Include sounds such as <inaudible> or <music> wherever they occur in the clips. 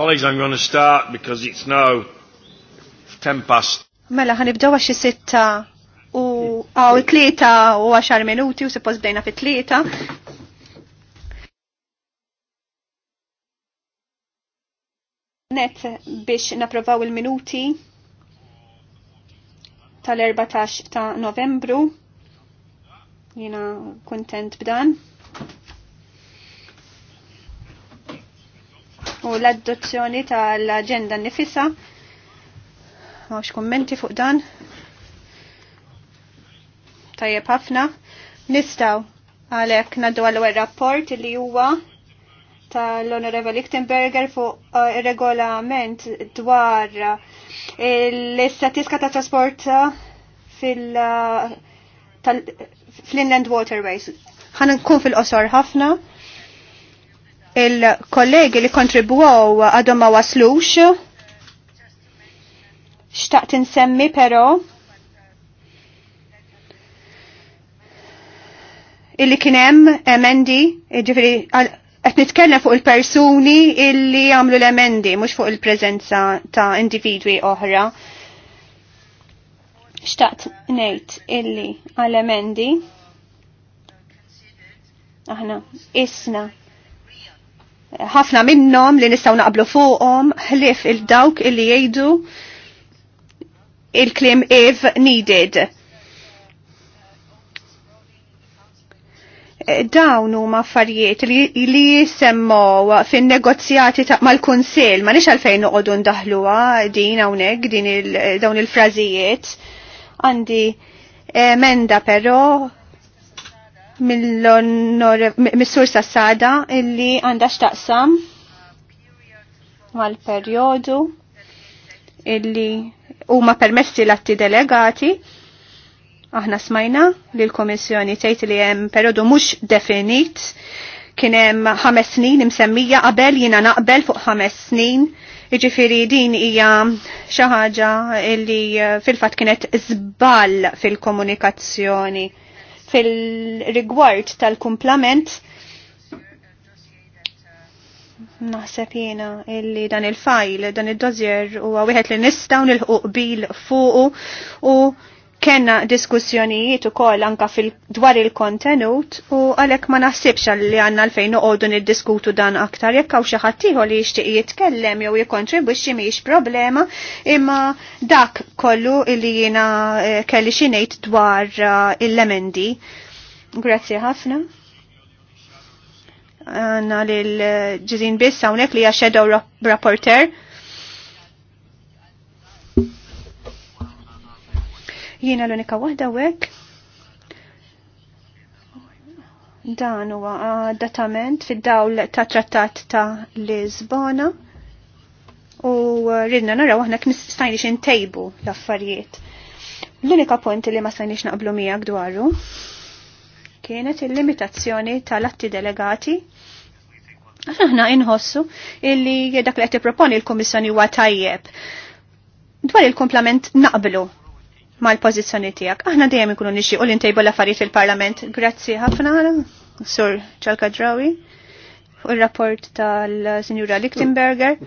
Colleagues, I'm going to start because it's now ten past. Mela, ħanibdaw għaxi sitta u għaw tlieta u għaxar minuti u sepoz bdejna fit tlieta. Net biex naprovaw il-minuti tal-14 ta' novembru. Jina kontent b'dan. u l-adozzjoni tal-agenda nifissa. Mawx kommenti fuq dan. Tajjeb ħafna. Nistaw għalek naddu għal rapport li huwa tal-Onorevoli Lichtenberger fuq eh, regolament dwar eh, l-istatistika ta' trasport eh, fil- fl-Inland Waterways. Ħana nkun fil-qosor ħafna il-kollegi li kontribuaw għadhom ma waslux. Xtaqt insemmi però illi kienem emendi, ġifiri, għet nitkellem fuq il-persuni illi għamlu l-emendi, mux fuq il-prezenza ta' individwi oħra. Xtaqt nejt illi għal-emendi, aħna, isna, ħafna minnhom li nistgħu naqblu fuqhom ħlif il-dawk illi jgħidu il-klim if needed. dawn huma affarijiet li, li semmow fin-negozjati mal-Kunsill, ma nix għalfejn noqogħdu ndaħluha din hawnhekk din il, dawn il-frażijiet. Għandi emenda però mill-sur Sassada illi għandha xtaqsam mal-perjodu illi huma permessi l-atti delegati. Aħna smajna li l-Komissjoni tgħid li hemm perjodu mhux definit kien hemm ħames snin imsemmija qabel jiena naqbel fuq ħames snin. Iġifiri din hija xi ħaġa li eh, fil-fatt kienet żball fil-komunikazzjoni fil-rigward tal-kumplament naħseb jena illi dan il-fajl, dan il-dozjer u għawihet li nistaw nil-ħuq bil fuqu u kena diskussjonijiet u koll anka dwar il-kontenut u għalek ma naħsibx li għanna l-fejn uqodu niddiskutu dan aktar jekk għaw xaħatiħu li jishtiq jitkellem jew jikontribwixxi miex problema imma dak kollu li jiena eh, kelli xinejt dwar eh, il-lemendi. Grazzi ħafna. Għanna l-ġizin eh, bissa unek li għaxedaw rapporter. jiena l-unika waħda wek. Dan huwa datament fid-dawl ta' trattat ta' Lisbona u ridna naraw aħna kif stajniex intejbu l-affarijiet. L-unika punt li ma stajniex naqblu miegħek dwaru kienet il-limitazzjoni tal-atti delegati Aħna inħossu illi dak li qed proponi l-Kummissjoni huwa tajjeb. Dwar il-komplement naqblu mal-pozizjoni tiegħek. Aħna dejjem ikunu u l ntejbu l-affarijiet fil-Parlament. Grazzi ħafna Sur drawi, fuq ir-rapport tal-Sinjura Lichtenberger.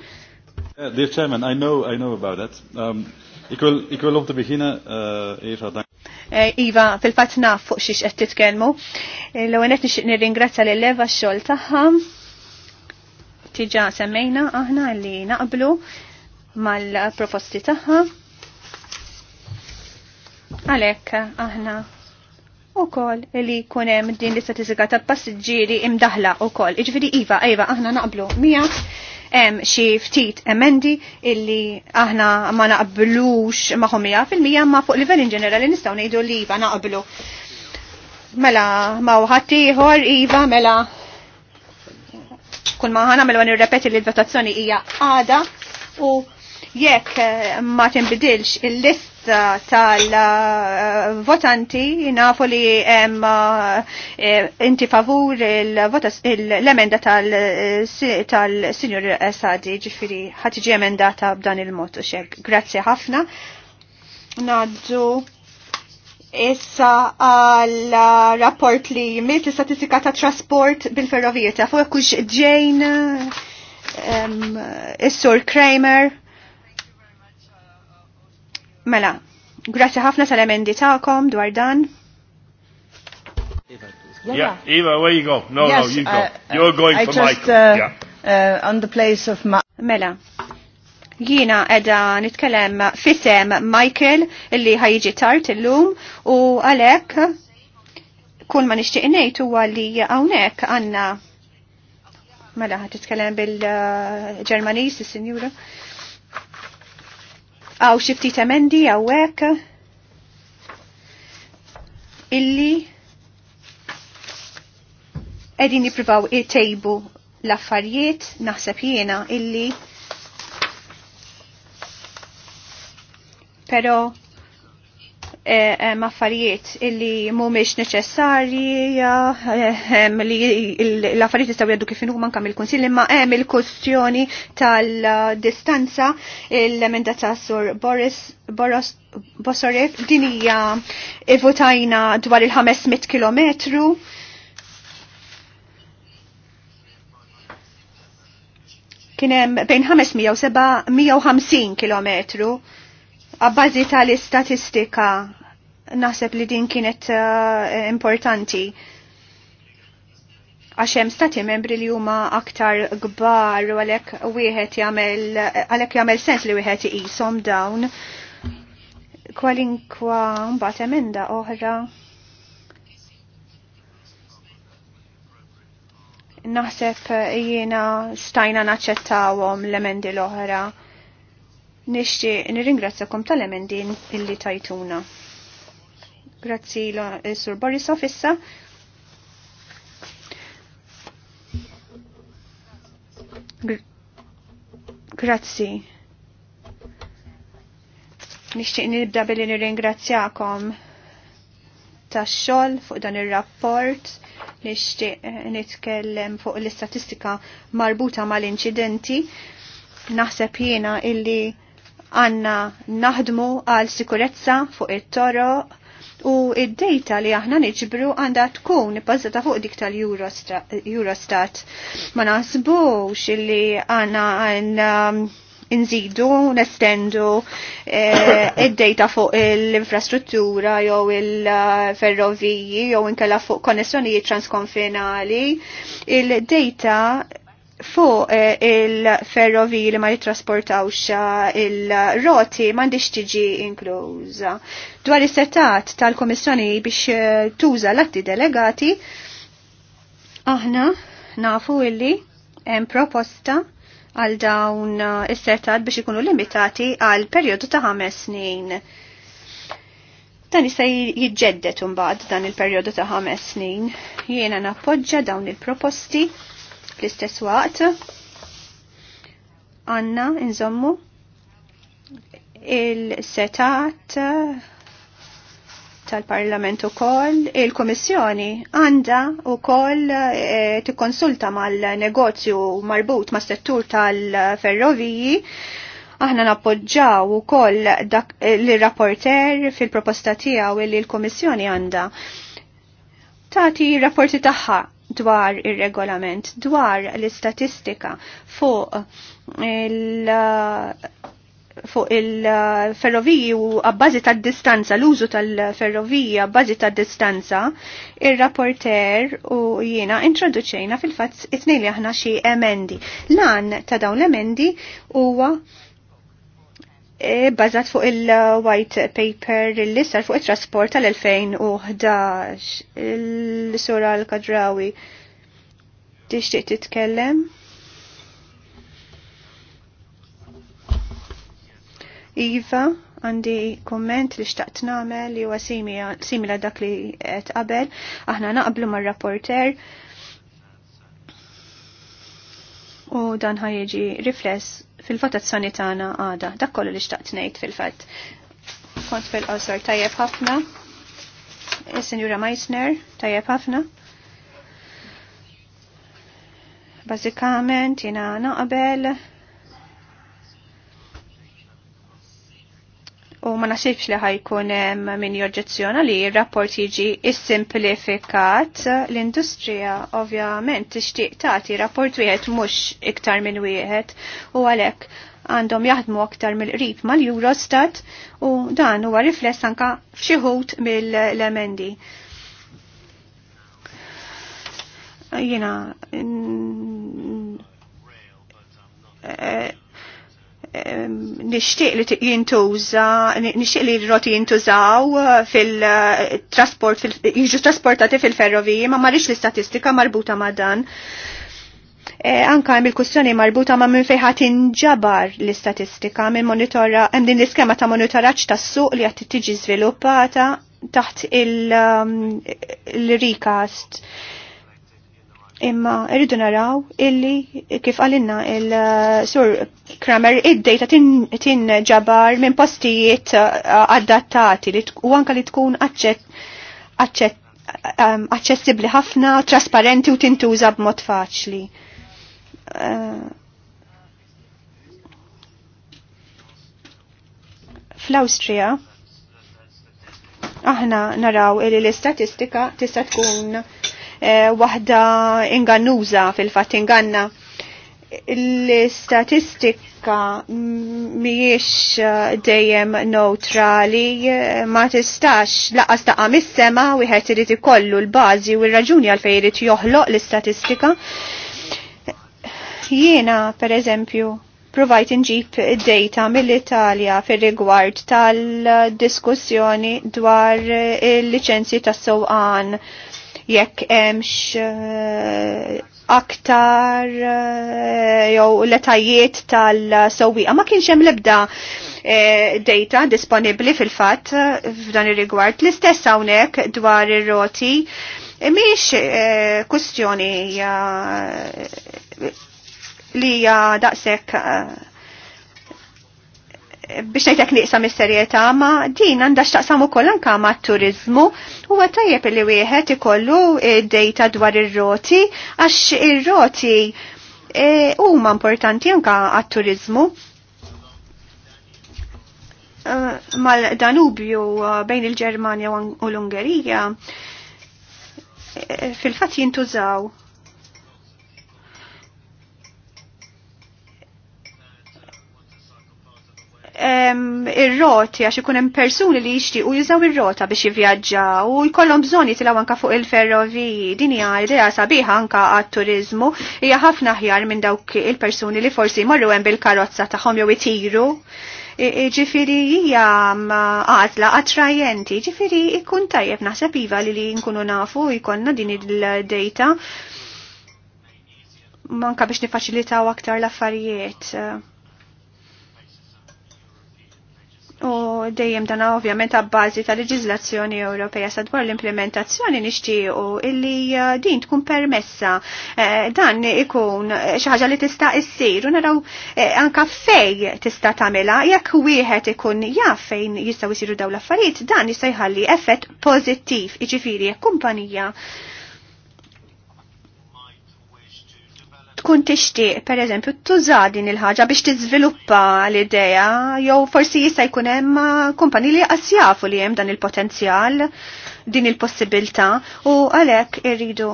Uh, dear Chairman, I know, I know about that. Um, ik wil, ik wil uh, Eva, Iva, eh, iva fil-fat naf fuq xiex qed titkellmu. Eh, L-għonet nixtieq nirringrazzja lil leva x-xogħol tagħha. Tiġa semmejna aħna li naqblu mal-proposti tagħha. Għalek, aħna u kol li kunem din l-istatistika ta' passiġġieri imdaħla u kol. Iġviri Iva, Iva, aħna naqblu mija hemm xi ftit emendi illi aħna ma naqblux magħhom mija fil-mija ma fuq livell in ġenerali nistgħu ngħidu li iva naqblu. Mela ma ħadd ieħor iva mela kull maħana mela nirrepeti li l-votazzjoni hija għada u jekk ma tinbidilx il-list tal-votanti eh, nafu li hemm eh, eh, inti favur l-emenda tal-Sinjur Sadi ġifiri ħatiġi emendata b'dan il motu u xek. ħafna. Naddu issa għal rapport li jmiet l-istatistika ta' trasport bil-ferrovieta. Fuq kux ġejn is-sur Kramer. Mela, grazzi ħafna tal-emendi ta'kom dwar dan. Yeah, Eva, where you go? No, yes, no, you go. Uh, You're going I for just, Michael. Uh, yeah. uh, on the place of Ma Mela, jina edha nitkellem fisem Michael illi ħajġi tart illum u għalek kull ma nixtieq ngħid huwa li hawnhekk għandna mela ħad titkellem bil-Ġermaniż uh, is-Sinjura għaw xiftit emendi għawek illi edin jiprivaw il tejbu l-affarijiet naħseb jiena illi pero Eh, eh, maffarijiet illi mumiex neċessarji, eh, li l-affarijiet istaw jaddu kif inhuma kam il-Kunsill, imma hemm il-kustjoni tal-distanza l-emenda ta' Sur Boris Boros Bosorev din hija votajna dwar il-500 km. Kien hemm bejn 550 km. Għabbażi tal-istatistika naħseb li din kienet uh, importanti għaxem stati membri li huma aktar gbar u għalek wieħed jagħmel għalek jagħmel sens li wieħed iqishom dawn kwalinkwa mbagħad emenda oħra. Naħseb jiena stajna naċċettawhom l-emendi l-oħra. Nixti nirringrazzakom tal-emendin illi tajtuna. Grazzi l-Sur eh, Borisov issa. Grazzi. Nixtieq nibda billi nirringrazzjakom tax-xogħol fuq dan ir-rapport. Nixtieq eh, nitkellem fuq l-istatistika marbuta mal-inċidenti. Naħseb jiena illi Għanna naħdmu għal sikurezza fuq it-toro u id-data li aħna niġbru għandha tkun bbażata fuq dik tal-Eurostat. Ma naħsbux li għanna għanna um, nżidu, nestendu eh, <coughs> id-data fuq l-infrastruttura jew il-ferroviji jew inkella fuq konnessjonijiet transkonfinali. Il-data fuq eh, il-ferrovi li ma jitrasportawx eh, il-roti mandiċ tiġi inkluża. Dwar is-setat tal-Komissjoni biex eh, tuża l-atti delegati, aħna nafu illi hemm proposta għal dawn is-setat biex ikunu limitati għal perjodu ta' ħames snin. Dan jista' jiġġeddet imbagħad dan il-perjodu ta' ħames snin. Jiena nappoġġa dawn il-proposti Fl-istess waqt għanna nżommu il-setat tal-Parlament u koll, il-Komissjoni għanda u koll e, eh, t-konsulta mal-negozju marbut ma' settur tal-ferroviji. Aħna nappoġġaw u koll eh, l-rapporter fil-proposta tijaw li l-Komissjoni għanda. Tati rapporti taħħa dwar ir-regolament, dwar l-istatistika fuq il- fuq il-ferroviji u għabbażi ta' distanza, l-użu tal-ferroviji għabbażi ta' distanza, il-rapporter u jiena introduċejna fil-fatt it nejli li aħna xi emendi. Lan ta' dawn l-emendi huwa bazat fuq il-white paper li sar fuq it-trasport tal-2011. Il-sura l-kadrawi tixtieq titkellem? Iva, għandi komment li xtaqt namel li huwa simila dak li qed qabel, aħna naqblu mar-rapporter u dan ħajġi rifless fil-votazzjoni sanitana għada. Dak kollu li xtaqt ngħid fil-fatt. Kont fil-qosor tajjeb ħafna. Is-Sinjura Meissner tajjeb ħafna. Bażikament jiena naqbel u ma nasibx li ħajkun hemm min joġġezzjona li r-rapport jiġi issimplifikat l-industrija ovvjament tixtieq tagħti rapport wieħed mhux iktar minn wieħed u għalhekk għandhom jaħdmu aktar mill-qrib mal-Eurostat u dan huwa rifless anka f'xi mill-emendi. Jiena nishtiq li jintuża, nishtiq li r-roti jintużaw eh, fil-trasport, eh, jiġu trasportati fil-ferroviji, ma marriċ l-istatistika marbuta ma dan. Eh, anka hemm il kustjoni marbuta ma minn fejħat inġabar l-istatistika minn monitora, hemm din l-iskema ta' monitoraġġ tas-suq li qed tiġi żviluppata taħt il-recast. il ehm, recast imma irridu naraw illi kif għalinna il-sur uh, Kramer id-dejta tin ġabar minn postijiet uh, adattati li u anka li tkun aċċessibli um, ħafna, trasparenti u tintuża b'mod faċli. Uh, fl austria aħna naraw illi l-istatistika tista' tkun Eh, waħda ingannuża fil-fatt inganna. L-istatistika mhijiex eh, dejjem neutrali eh, ma tistax laqas taqa' mis-sema wieħed irid ikollu l-bażi u r-raġuni fejn irid joħloq l-istatistika. Jiena, per eżempju, provajt nġib data mill-Italja fir rigward tal-diskussjoni dwar il licenzji tas sewqan jekk hemmx eh, aktar eh, jew letajiet tal-sewwieqa ma kienx hemm l-ebda eh, data disponibbli fil-fatt f'dan ir-rigward l-istess hawnhekk dwar ir-roti mhix kustjoni li hija daqshekk biex najtek niqsa mis-serjetà ma din għandha x'taqsam ukoll anke ma' turizmu huwa tajjeb li wieħed ikollu dejta dwar ir-roti għax ir-roti e, huma importanti anke għat turiżmu e, Mal-Danubju e, bejn il-Ġermanja u l-Ungerija fil-fatt jintużaw ir-roti għax ikun hemm persuni li jixtiequ jużaw ir-rota biex jivvjaġġaw u jkollhom bżonn jitilgħu anke fuq il-ferroviji. Din hija idea sabiħa anke għat-turiżmu hija ħafna aħjar minn dawk il-persuni li forsi jmorru hemm bil-karozza tagħhom jew itiru ġifiri hija għazla attrajenti, ġifiri ikun tajjeb naħseb iva li li nkunu nafu jkollna din il-data manka biex nifaċilitaw aktar l-affarijiet. U dejjem dana ovvjament għabbażi ta' leġizlazzjoni Ewropea sadwar l-implementazzjoni nixtiequ illi uh, din tkun permessa eh, dan ikun eh, xi ħaġa li tista' issir u naraw eh, anka fej tista' tagħmilha jekk wieħed ikun jaf fejn jistgħu jsiru dawn l-affarijiet dan jista' jħalli effett pożittiv. Jiġifieri jekk kumpanija tkun tixtieq pereżempju tuża din il-ħaġa biex tiżviluppa l-idea jew forsi jista' jkun hemm kumpani li jafu li hemm dan il-potenzjal, din il-possibilità u għalhekk irridu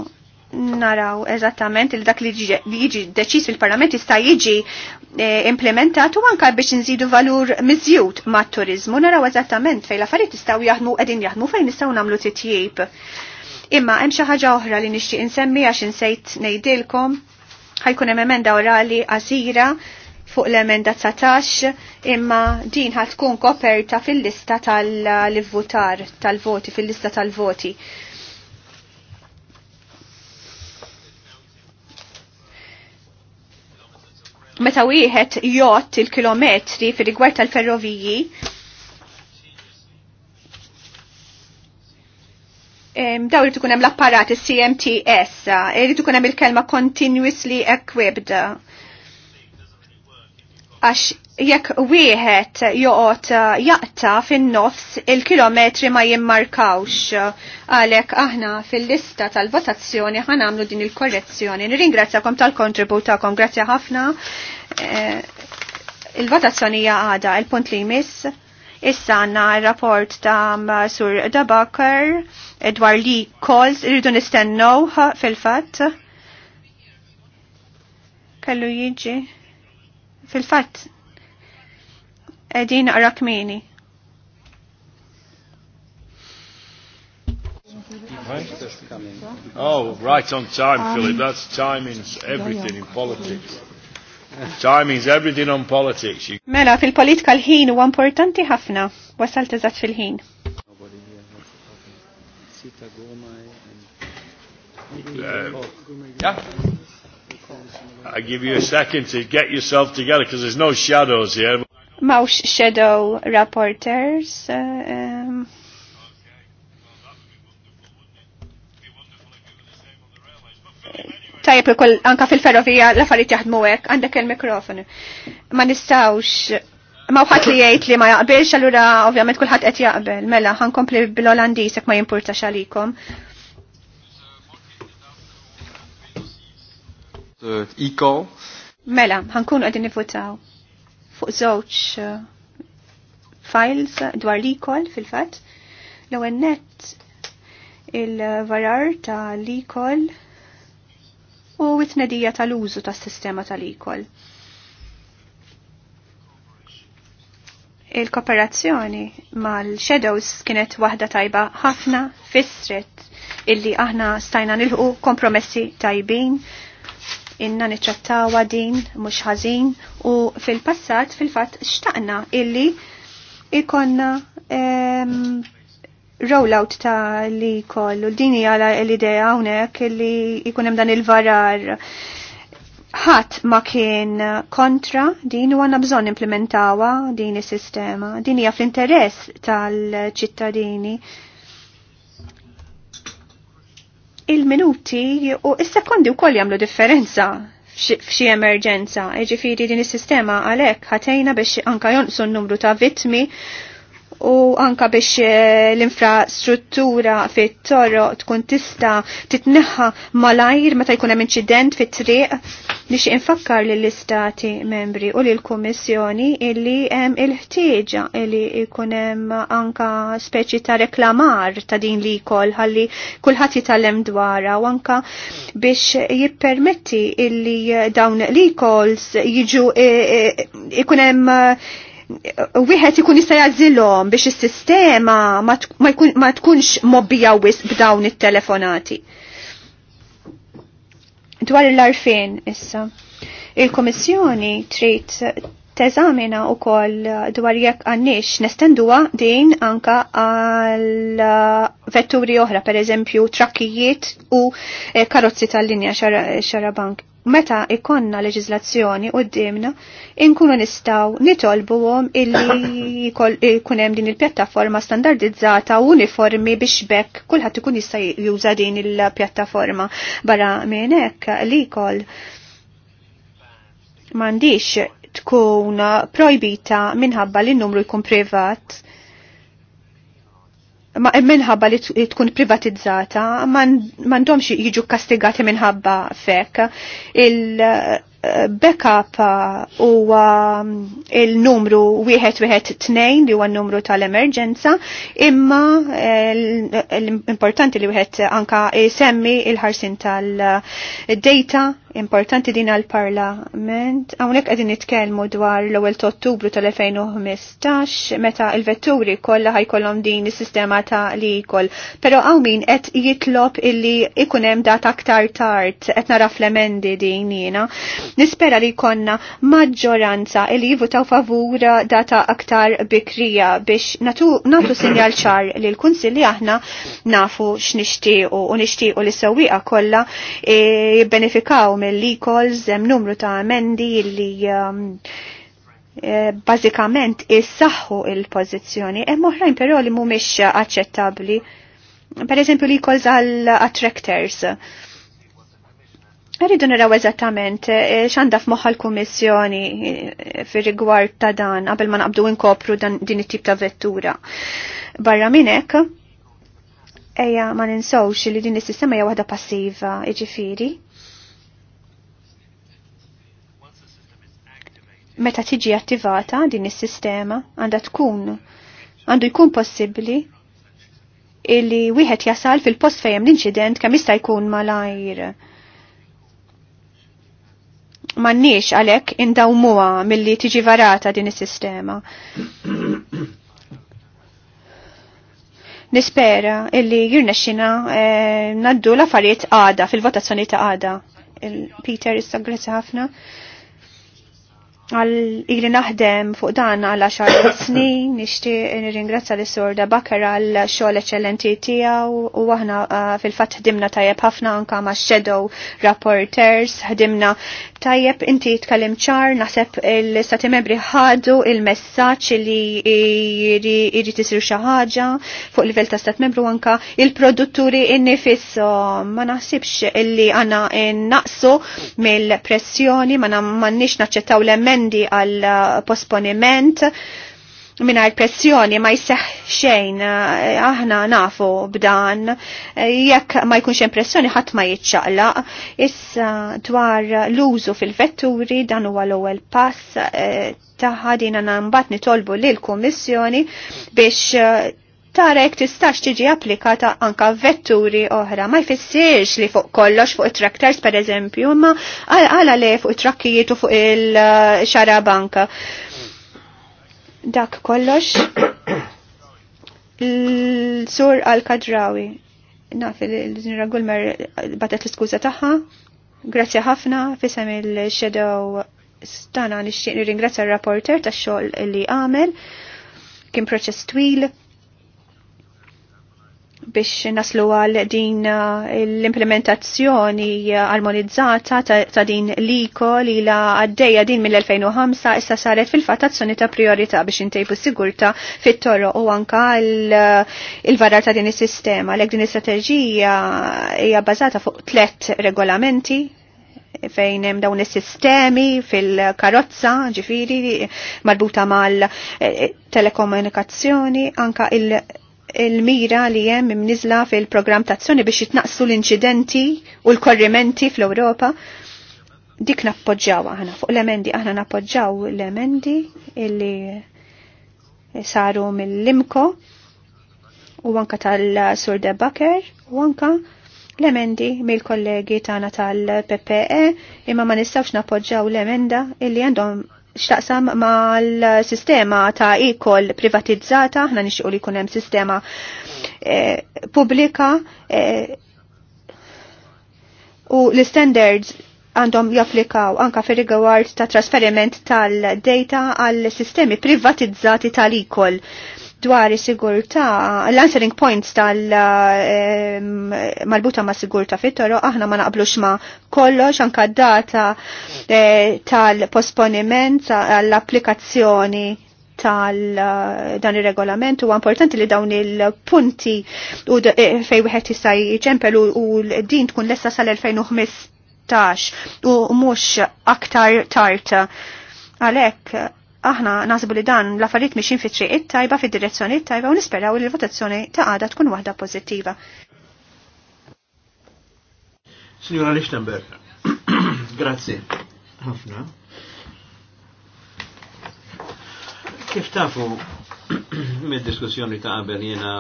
naraw eżattament il dak li jiġi deċis fil-parlament jista' jiġi e, implementat u anka biex nżidu valur miżjud mat-turizmu naraw eżattament fejn l-affarijiet jistgħu jaħdmu qegħdin jaħdmu fejn nistgħu nagħmlu titjib. Imma hemm xi ħaġa oħra li nixtieq insemmi għax insejt ngħidilkom ħajkun hemm emenda orali għażira fuq l-emenda 19 imma din ħad tkun koperta fil-lista tal-votar tal-voti fil-lista tal-voti. Meta wieħed jgħod il-kilometri fir-rigward tal-ferroviji, daw li tukunem hemm l apparat CMTS, li ah, tukunem hemm il-kelma continuously equipped. Għax jekk wieħed joqgħod ah, jaqta fin-nofs il-kilometri ma jimmarkawx għalhekk aħna fil-lista tal-votazzjoni għamlu din il-korrezzjoni. Nirringrazzjakom tal-kontribut tagħkom, ħafna. Eh, il-votazzjoni hija għada il-punt li jmiss. Issa għanna rapport ta' Sur Dabakar Edwar li calls rridu nistennow fil-fat. Kallu jiġi fil-fat. Edin Arakmini. Oh, right on time, Philip. That's timing's everything in politics. Time is everything on politics. Mela, fil-politika l-ħin u importanti ħafna. Wasal teżat fil-ħin. I give you a second to get yourself together because there's no shadows here. Mouse shadow reporters. Uh, um. tajjeb ikoll anka fil-ferrovija l-affarijiet jaħdmu hekk għandek il-mikrofonu. Ma nistgħux ma wħat li jgħid li ma jaqbilx allura ovvjament kulħadd qed jaqbel. Mela ħankompli bil-Olandiż jekk ma jimpurtax għalikom. Eh, Iko. Mela, ħankunu qegħdin nifutaw fuq żewġ eh, files dwar l-ikol fil-fatt. L-ewwel net il-varar ta' l-ikol u it-tnedija tal-użu tas-sistema tal-ikol. il-kooperazzjoni mal-Shadows kienet waħda tajba ħafna fissret illi aħna stajna nilħu kompromessi tajbin inna niċċattawa din mhux ħażin u fil-passat fil-fatt xtaqna illi ikonna rollout ta' li kollu. Dini għala l-idea għonek li hemm dan il-varar ħat ma kien kontra din u għanna bżon implementawa din is-sistema. Din hija fl-interess tal-ċittadini. Il-minuti u is-sekondi wkoll jagħmlu differenza f'xi emerġenza. Ġifiri din is-sistema għalhekk ħatejna biex anka jonqsu n-numru ta' vittmi u anka biex eh, l-infrastruttura fit toro tkun tista titneħħa malajr meta jkun hemm inċident fit triq biex infakkar lill istati membri u lill kummissjoni illi hemm il-ħtieġa illi jkun hemm anka speċi ta' reklamar ta' din li jkoll ħalli kulħadd jitgħallem dwara u anka biex jippermetti illi dawn li calls jiġu eh, eh, ikun hemm wieħed ikun jista' jażilhom biex is-sistema ma tkunx mobbija wisq b'dawn it-telefonati. Dwar l-arfin issa. Il-Komissjoni trid teżamina u koll dwar jekk għannix nestenduwa din anka għal eh, vetturi oħra, per eżempju trakkijiet u eh, karozzi tal-linja xarabank meta ikonna leġizlazzjoni u d-dimna, inkunu nistaw nitolbuhom illi <coughs> jkunem din il-pjattaforma standardizzata u uniformi biex bekk kulħadd ikun jista' juża din il-pjattaforma. Barra minn hekk li kol m'għandix tkun projbita minħabba li n-numru jkun privat ma minħabba li tkun privatizzata m'għandhomx jiġu kastigati minħabba fek. Il-backup eh, eh, huwa mm, il-numru wieħed wieħed tnejn li huwa n-numru tal-emerġenza, imma eh, l-importanti li wieħed anka semmi il-ħarsin tal-data importanti din għal-parlament. Għawnek għedin nitkelmu dwar l-ewel ottubru tal-2015 meta il-vetturi kollha ħajkollhom din is-sistema ta' li jkoll. Però għaw min qed jitlob illi ikun hemm data aktar tard qed nara fl'emendi din jina. Nispera li konna maġġoranza illi jivutaw favura data aktar bikrija biex natu, natu sinjal ċar li l-Kunsilli aħna nafu x'nixtiequ u nixtiequ li sewwieqa kollha eh, kolla e, l-e-calls numru ta' amendi li um, eh, bazikament issaħħu il-pozizjoni, hemm oħrajn però li mhumiex aċċettabbli. Per eżempju li kolz għal attractors. Rridu naraw eżattament eh, x'għandha f'moħħa l-Kummissjoni eh, fir-rigward ta' dan qabel ma naqbdu nkopru din it-tip ta' vettura. Barra minn hekk, ejja ma ninsawx li din is-sistema hija waħda passiva, jiġifieri meta tiġi attivata din is-sistema għandha tkun għandu jkun possibbli illi wieħed jasal fil-post fejjem l-inċident kemm jista' jkun malajr. M'għandniex għalhekk indawmuha milli tiġi varata din is-sistema. Nispera illi jirnexxina eh, naddu l-affarijiet għada fil-votazzjoni ta' għada. Peter issa grazzi ħafna għal ili naħdem fuq dan għal 10 <coughs> snin, nixtieq nirringrazzja l sorda Bakar għal xogħol eċċellenti tiegħu u aħna uh, fil-fatt ħdimna tajjeb ħafna anka ma' shadow rapporters, ħdimna Tajjeb, inti tkallim ċar, naħseb l-istati membri ħadu il-messaċ li irrid isir xi ħaġa fuq livell ta' stat membru anka il-produtturi innifissu Ma naħsibx li għana naqsu mill-pressjoni, ma nix naċċettaw l-emendi għal posponiment minar pressjoni ma jseħ xejn aħna nafu b'dan jekk ma jkunx hemm pressjoni ħadd ma jiċċaqlaq. Issa dwar l-użu fil-vetturi dan huwa l-ewwel pass taħħa din mbatni tolbu nitolbu lil kummissjoni biex tara jek tistax tiġi applikata anka vetturi oħra. Ma jfissirx li fuq kollox fuq it-traktors per eżempju, ma għala li fuq it-trakkijiet u fuq il-xarabanka. Uh, dak kollox l-sur għal-kadrawi. Naf il-Nira Gulmer eh, batet l-skuza taħħa. Grazie ħafna fisem il-shadow stana nixtieq nirringrazzja r-rapporter tax-xogħol li għamel. Kien proċess twil biex naslu għal din uh, l-implementazzjoni armonizzata ta' din l li la għaddeja din mill-2005 issa saret fil-fatazzjoni ta' priorità biex intejbu sigurta fit toro u anka uh, il-varar ta' din is-sistema. Lek din is-strateġija hija bbażata fuq tlet regolamenti fejn hemm dawn is-sistemi fil-karozza, ġifiri, marbuta mal-telekomunikazzjoni, eh, anka il- il-mira li jem imnizla fil-program tazzjoni biex jitnaqsu l-inċidenti u l-korrimenti fl-Europa. Dik nappoġġaw aħna fuq l-emendi, aħna nappoġġaw l-emendi illi saru mill-Limko u anka tal-Sur de Baker u anka l-emendi mill-kollegi tagħna tal-PPE imma ma nistgħux nappoġġaw l-emenda illi għandhom xtaqsam mal sistema ta' ikol privatizzata, ħna nixqu li kunem sistema eh, publika eh, u l-standards għandhom japplikaw anka fir rigward ta' trasferiment tal-data għal sistemi privatizzati tal-ikol dwar is-sigurtà, l-answering points tal-malbuta eh, ma' sigurtà fit-toro, aħna ma naqblux ma' kollox anka data eh, tal-posponiment għall-applikazzjoni tal-dan eh, il-regolament u importanti li dawn il-punti u fej wieħed jista' jiċempel u din tkun lesta sal-2015 u mhux aktar tard. Għalhekk aħna nasbu li dan l-affarijiet mixin fi triq tajba fi direzzjoni tajba u nisperaw li l-votazzjoni ta' għada tkun waħda pożittiva. Signora Lichtenberg, <clears throat> grazie. Ħafna. Kif tafu <clears throat> mid-diskussjoni ta' qabel jena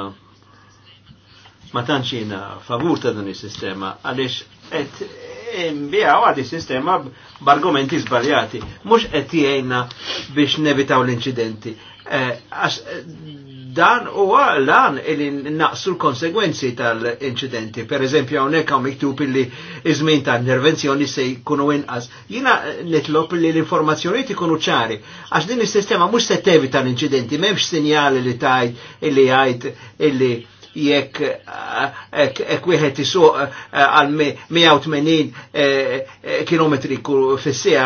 ma tantx jiena favur ta' dan is-sistema għaliex qed imbija għadi sistema b'argumenti zbaljati. Mux għettijajna biex nevitaw l-incidenti. Eh, dan u lan il naqsu l-konsegwenzi tal-incidenti. Per eżempju, għonek għaw miktub illi izmin ta' intervenzjoni se jkunu inqas. Jina nitlop li l-informazzjoni tikunu ċari. Għax din il-sistema mux se tevita l-incidenti, memx sinjali li tajt illi għajt illi jekk eh, ek wieħed isuq eh, għal 180 km fis-sija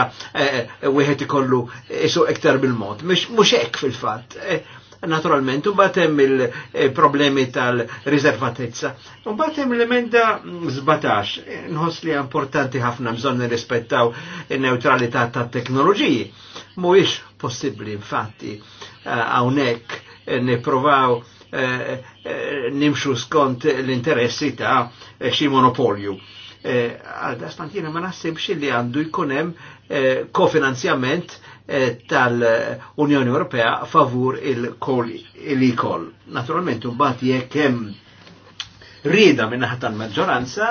wieħed ikollu isuq iktar bil-mod. Mhux hekk fil-fatt eh, naturalment, un batem il-problemi tal-riservatezza. Un batem l-emenda 17, nħos li importanti ħafna bżon nirrispettaw il-neutralità ta' teknoloġiji. Mhuwiex possibbli infatti, hawnhekk niprovaw Eh, eh, nimxu skont l-interessi ta' eh, xi monopolju. Għalda, dastant ma naħsibx li għandu jkunem kofinanzjament tal-Unjoni Ewropea favur il-kol il-ikol. Naturalment, mbagħad bat jekem rida minna ħatan tal-maġġoranza,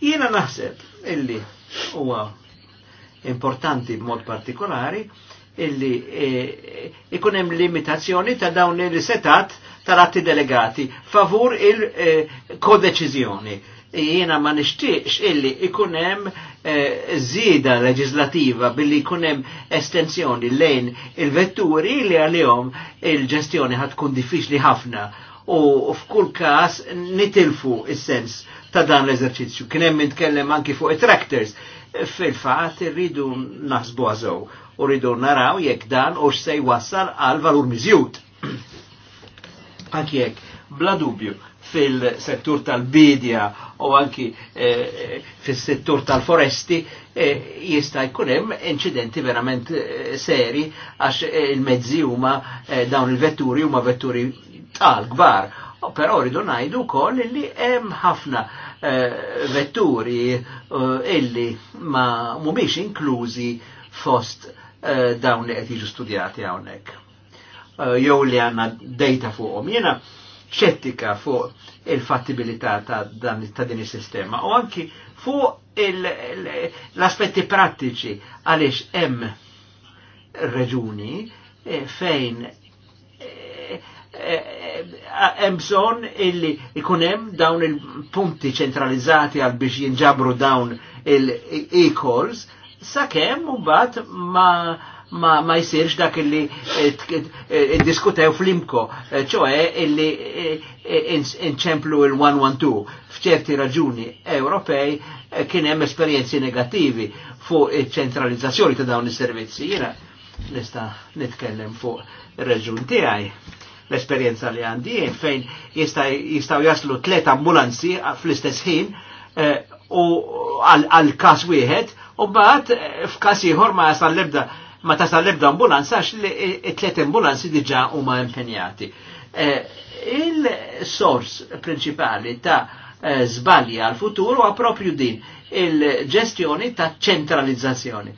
jiena naħseb illi huwa importanti b'mod partikolari illi eh, ikun hemm limitazzjoni ta' dawn il-setat tal-atti delegati favur il-kodeċiżjoni. Eh, Jiena ma nixtieqx illi ikun hemm żieda eh, leġislativa billi ikun hemm estensjoni lejn il-vetturi li għalihom il-ġestjoni ħad tkun diffiċli ħafna u f'kull każ nitilfu is-sens ta' dan l-eżerċizzju. Kien hemm nitkellem anki fuq it-tractors fil-fat rridu naħsbu għazow u rridu naraw jekk dan u sej wassal għal valur miżjut. <clears throat> Anki bla dubju, fil-settur tal-bidja u anki eh, eh, fil-settur tal-foresti eh, jista' jkun hemm verament seri għax il-mezzi huma dawn il-vetturi huma vetturi tal-kbar. Però rridu ngħidu wkoll li hemm ħafna eh, Eh, vetturi eh, illi ma mumiex inklużi fost eh, dawn li qed jiġu studjati hawnhekk. Jew li għandna data fuqhom. Jiena ċettika fuq il-fattibilità ta' dan ta' din is-sistema u anki fuq l-aspetti prattiċi għaliex hemm reġuni fejn emson bżonn illi ikun dawn il-punti ċentralizzati għal biex jinġabru dawn il-e-calls kem u bat ma ma, ma jisirx dak illi eh, eh, diskutew fl-imko, eh, ċoħe illi inċemplu il-112 fċerti raġuni Ewropej kien hemm esperjenzi negattivi fuq iċ-ċentralizzazzjoni ta' dawn is-servizzi. Jiena nista' nitkellem fuq ir-reġun tiegħi l-esperienza li għandi fejn jistaw jaslu tlet ambulanzi fl-istess ħin eh, u għal kas wieħed u bat eh, f'kas ieħor ma jasal lebda ma tasal lebda ambulanza għax li eh, tlet ambulanzi diġa huma impenjati. Il-sors prinċipali ta' zbalji għal-futur huwa propju din il-ġestjoni ta' ċentralizzazzjoni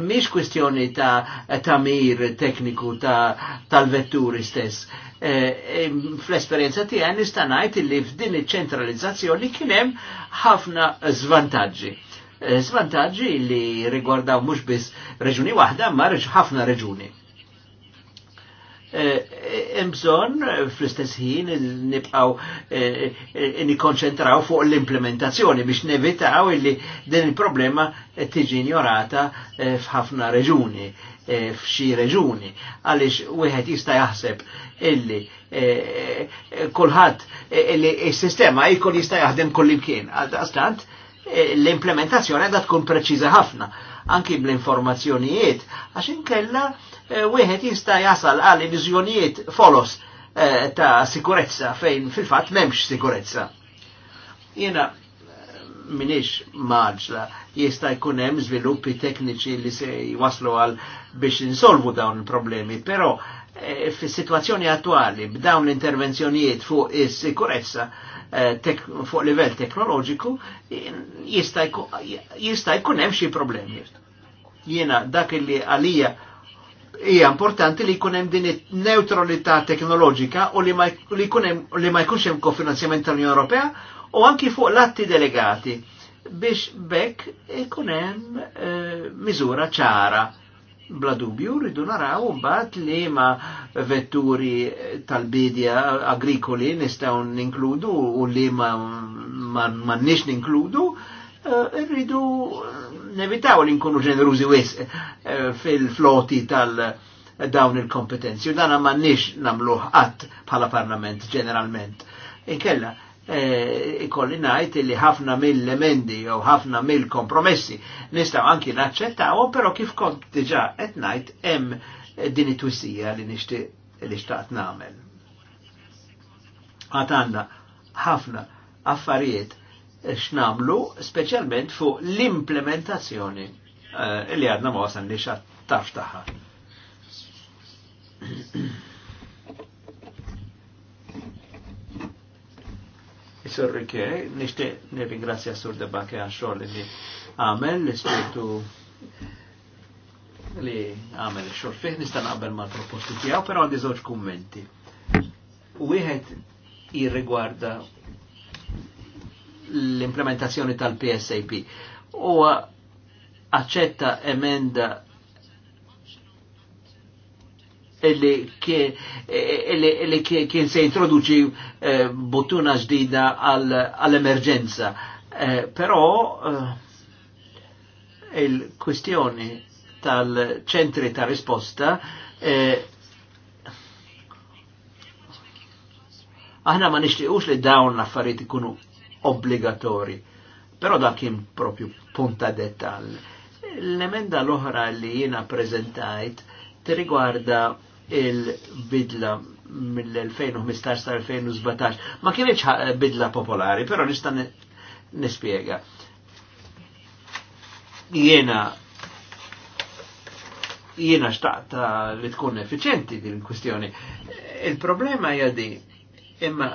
miex kwestjoni ta' tamir tekniku ta' tal-vetturi stess. E, e Fl-esperienza tiegħi nista' ngħid li f'din iċ-ċentralizzazzjoni kien hemm ħafna svantaġġi. E, zvantaġġi li rigwardaw mhux biss reġuni waħda, ma ħafna reġuni imbżon eh, eh, fl-istess ħin nibqaw eh, nikonċentraw fuq l-implementazzjoni biex nevitaw illi din il-problema tiġi ignorata f'ħafna reġuni, f'xi reġuni, għaliex wieħed jista' jaħseb illi kulħadd illi s-sistema jkun jista' jaħdem kullimkien. Għal l-implementazzjoni għadha tkun preċiża ħafna anki bl-informazzjonijiet, għax inkella Eh, wieħed jista' jasal għal viżjonijiet folos eh, ta' sikurezza fejn fil-fatt m'hemmx sikurezza. Jiena eh, minix maġla jista' jkun hemm żviluppi tekniċi li se jwaslu għal biex insolvu dawn il-problemi, però fis-sitwazzjoni attuali b'dawn l-intervenzjonijiet fuq is-sikurezza Tek, fuq livell teknoloġiku jista' jkun hemm xi problemi. Jiena dak li għalija hija importanti li jkun hemm din neutralità teknoloġika u li ma jkunx hemm kofinanzjament tal-Unjoni Ewropea u anki fuq l-atti delegati biex bekk ikun hemm eh, miżura ċara. Bla dubju rridu naraw mbagħad li ma vetturi eh, tal-bidja agrikoli nistgħu ninkludu u li ma m'għandniex ninkludu eh, rridu nevitaw li nkunu ġenerużi wis eh, fil-floti tal- eh, dawn il-kompetenzi. U dana nix namluħ għat bħala parlament ġeneralment. Inkella, eh, ikolli najt li ħafna mill-emendi jew ħafna mill-kompromessi nistaw anki naċċettaw, pero kif kont diġa qed ngħid hemm din it-twissija li nixtieq li xtaqt nagħmel. Għad ħafna affarijiet x'namlu specialment fu l-implementazzjoni uh, li għadna ma wasan li taf taħħa. Sur Rike, nishtiq nirringrazzja Sur Debake għax xogħol li għamel l-ispirtu li għamel xogħol fiħ, nistan għabel ma proposti tiegħu, però għandi żewġ kummenti. Wieħed jirrigwarda l-implementazzjoni tal-PSAP. U aċċetta emenda illi kien se introduċi eh, bottuna ġdida għall-emerġenza. Eh, però eh, il-kwistjoni tal-ċentri ta' risposta aħna ma nixtiequx li dawn l-affarijiet ikunu obbligatori. Però da kien propju punta dettal. L-emenda l-oħra li jiena prezentajt riguarda il-bidla mill-2015 sa 2017. Ma kienieċ bidla popolari, però nista' nispiega. Jiena jiena xtaqta li tkun efficienti din kwistjoni. Il-problema jadi di imma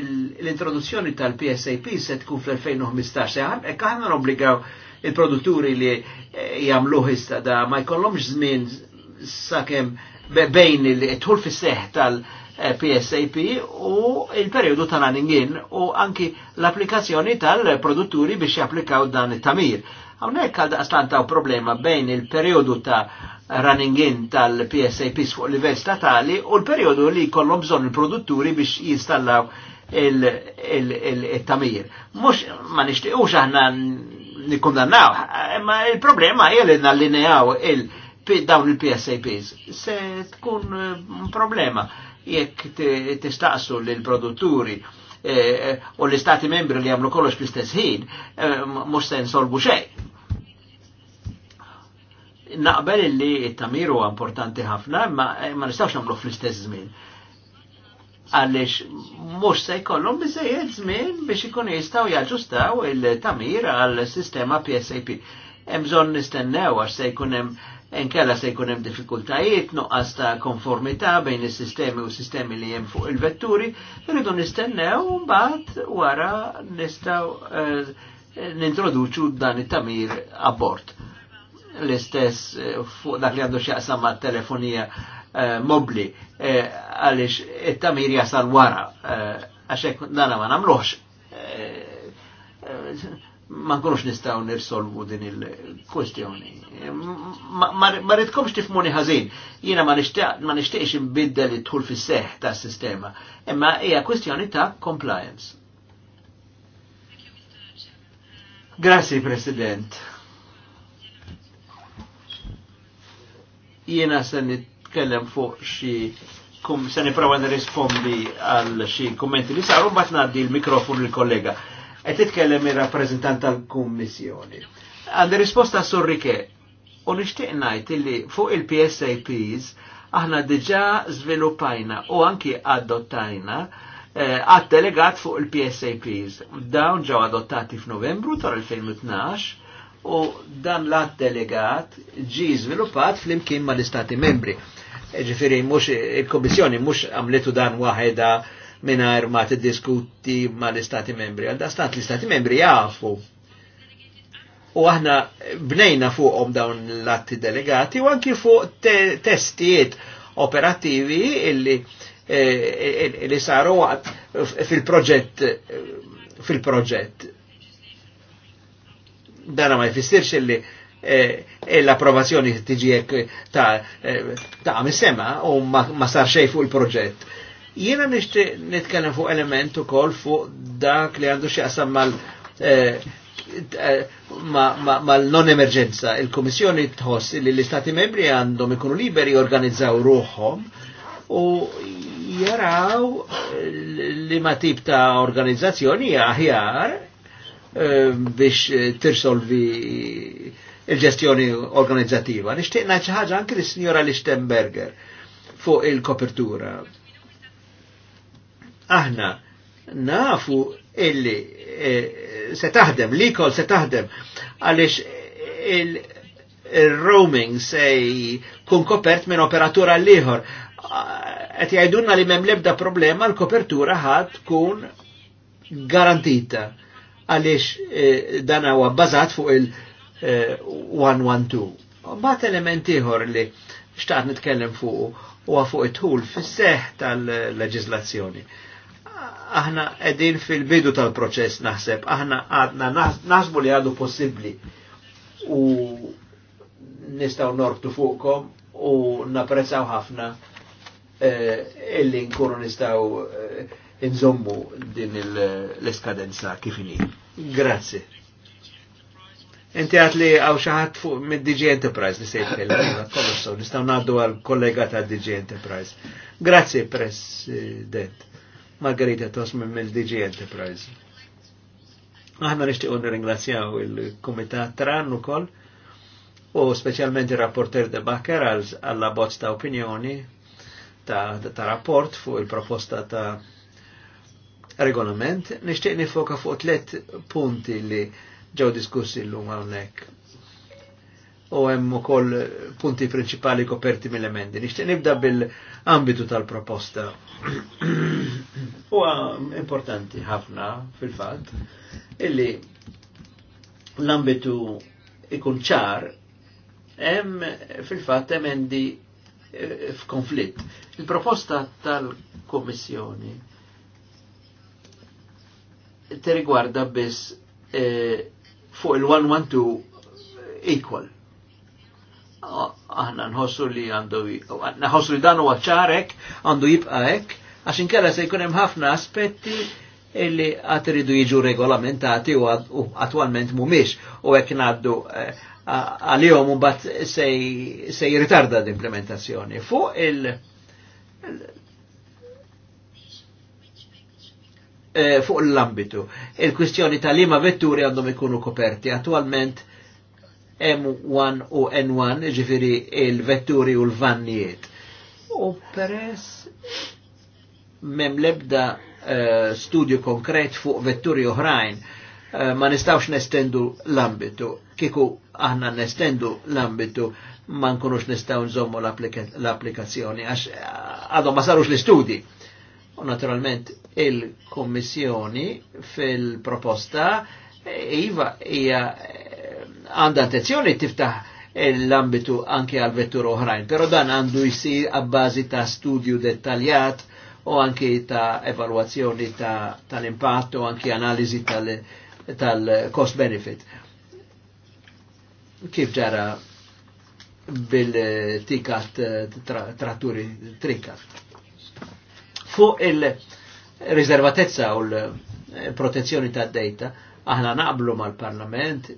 l-introduzzjoni tal-PSAP se tkun fl-2015, għan e obbligaw il-produtturi li e, jamluħ ista da ma jkollhomx żmien sakemm bejn il-tħul fis seħ tal-PSAP e, u il-periodu tal-għaningin u anki l-applikazzjoni tal-produtturi biex japplikaw dan it-tamir. Għawnek għal daqslan ta' problema bejn il-periodu ta' running in tal-PSAP fuq livell statali u l-periodu li kollom bżon il-produtturi biex jistallaw il-tamir. Mux ma nishtiqux aħna nikundannaw, ma il-problema hija li nallinejaw dawn il-PSAPs. Se tkun eh, problema jekk tistaqsu lill-produtturi eh, u l-istati membri li għamlu kollox fl ħin, eh, mux se solbu xej. naqbel li il tamir huwa importanti ħafna, ma, ma nistawx nagħmlu fl-istess żmien għalix mux se jkollhom bizzejed żmien biex ikun jistgħu jaġġustaw il-tamir għal sistema PSAP. Hemm bżonn nistennew għax se jkun hemm inkella se jkun hemm diffikultajiet nuqqas ta' konformità bejn is-sistemi u sistemi li hemm fuq il-vetturi, irridu nistennew mbagħad wara nistgħu eh, nintroduċu dan it-tamir abort. L-istess eh, fuq dak li għandu x'jaqsam ma' telefonija Eh, mobli eh, għalix it-tamir jasal wara eh, għaxek dana ma namluħx ma nkunux nistaw nirsolvu din il kustjoni Ma rritkomx tifmuni ħażin, jina ma nixtieqx imbiddel id-dħul fis-seħ tas-sistema, imma hija kustjoni ta' compliance. Grazie President. Jena sanit nitkellem fuq xi se niprova nirrispondi għal xi kummenti li saru mbagħad ngħaddi l-mikrofon lill-kollega. Qed titkellem ir-rappreżentant tal-Kummissjoni. Għandi risposta surrike u nixtieq ngħid illi fuq il-PSAPs aħna diġà żviluppajna u anki adottajna eh, għad delegat fuq il-PSAPs. Dawn ġew adottati f'Novembru tal-2012 u dan l-għad delegat ġi żviluppat fl-imkien ma l-Istati membri. Ġifiri, mux il-Komissjoni mux għamletu dan waħeda minar ma t-diskuti ma l-Istati membri. Għal stat l-Istati membri jafu. U aħna bnejna fuqom dawn l-atti delegati u anki fuq te testijiet operativi illi eh, eh, eh, li saru fil-proġett fil-proġett. Dana ma jfissirx illi E, e l-approvazzjoni tiġiek ta' e, mis-sema u ma sar xej fuq il-proġett. Jiena nishti nitkellem fuq element ukoll fuq dak li għandu xieqsa mal mal-non-emerġenza. Il-Komissjoni tħoss li l-Istati membri għandhom ikunu liberi jorganizzaw ruħom u jaraw li ma tip ta' organizzazzjoni aħjar biex tirsolvi il-ġestjoni organizzativa. Nixtieq ngħid xi anki l signora Lichtenberger fuq il-kopertura. Aħna nafu illi e, se taħdem, l-ikol se taħdem, għaliex il-roaming se kun kopert minn operatura l-liħor. Et jajdunna li mem da problema l-kopertura ħad kun garantita għalix dana e, dan huwa fuq il- 112. Eh, Bat element ieħor li xtaqt nitkellem fuq u fuq it-tul fis tal-leġislazzjoni. Aħna qegħdin fil-bidu tal-proċess naħseb, aħna għadna naħsbu li għadu possibbli u nistgħu norbtu fuqkom u napprezzaw ħafna eh, illi nkunu nistgħu eh, inżommu din l-eskadenza kif Grazie. Inti għat li għaw xaħat fuq mid DJ Enterprise li sejt kellem, <coughs> kolossu, nistaw naddu għal kollega ta' DJ Enterprise. Grazie, President. Margarita Tosmi mill DG Enterprise. Aħna nishtiqu ringrazzjaw il-Komitat Tran u koll, u specialment il-rapporter de Bakker għalla bozz ta' opinjoni ta', ta rapport fuq il-proposta ta' regolament. Nishtiq nifoka fuq tlet punti li ġew diskussi l-lum hawnhekk. U hemm ukoll punti prinċipali koperti mill-emendi. Nixtieq nibda bil-ambitu tal-proposta. <clears throat> Huwa importanti ħafna fil-fatt illi l-ambitu ikun ċar hemm fil-fatt emendi eh, f'konflitt. Il-proposta tal-Komissjoni te riguarda biss eh, fuq il-112 equal. Aħna nħossu li għandu, nħossu li dan għacċarek, ċarek, għandu jibqa hekk, għaxin kella se jkun hemm ħafna aspetti illi għat iridu jiġu regolamentati u attualment mumiex u għek naddu eh, għal-jom un bat se jritarda l-implementazzjoni. Fuq il- Eh, fuq l-ambitu. Il-kwistjoni tal liema vetturi għandhom ikunu koperti. Attualment M1 u N1, ġifiri il-vetturi u l-vannijiet. U peress mem lebda uh, eh, studju konkret fuq vetturi oħrajn eh, ma nistawx nestendu l-ambitu. Kiku aħna nestendu l-ambitu ma nkunux nistaw nżommu l-applikazzjoni, għax għadhom ma sarux l-istudji U naturalment il-Kommissjoni fil-proposta eh, iva hija eh, għandha intenzjoni tiftaħ l-ambitu anke għal vettur oħrajn, pero dan għandu jisir għabbażi ta' studju dettaljat u anke ta' evalwazzjoni tal-impatt u anke analizi tal-cost benefit. Kif ġara bil-tikat tratturi trikat. Fuq il-riservatezza u l-protezzjoni ta' data, aħna naqblu mal-Parlament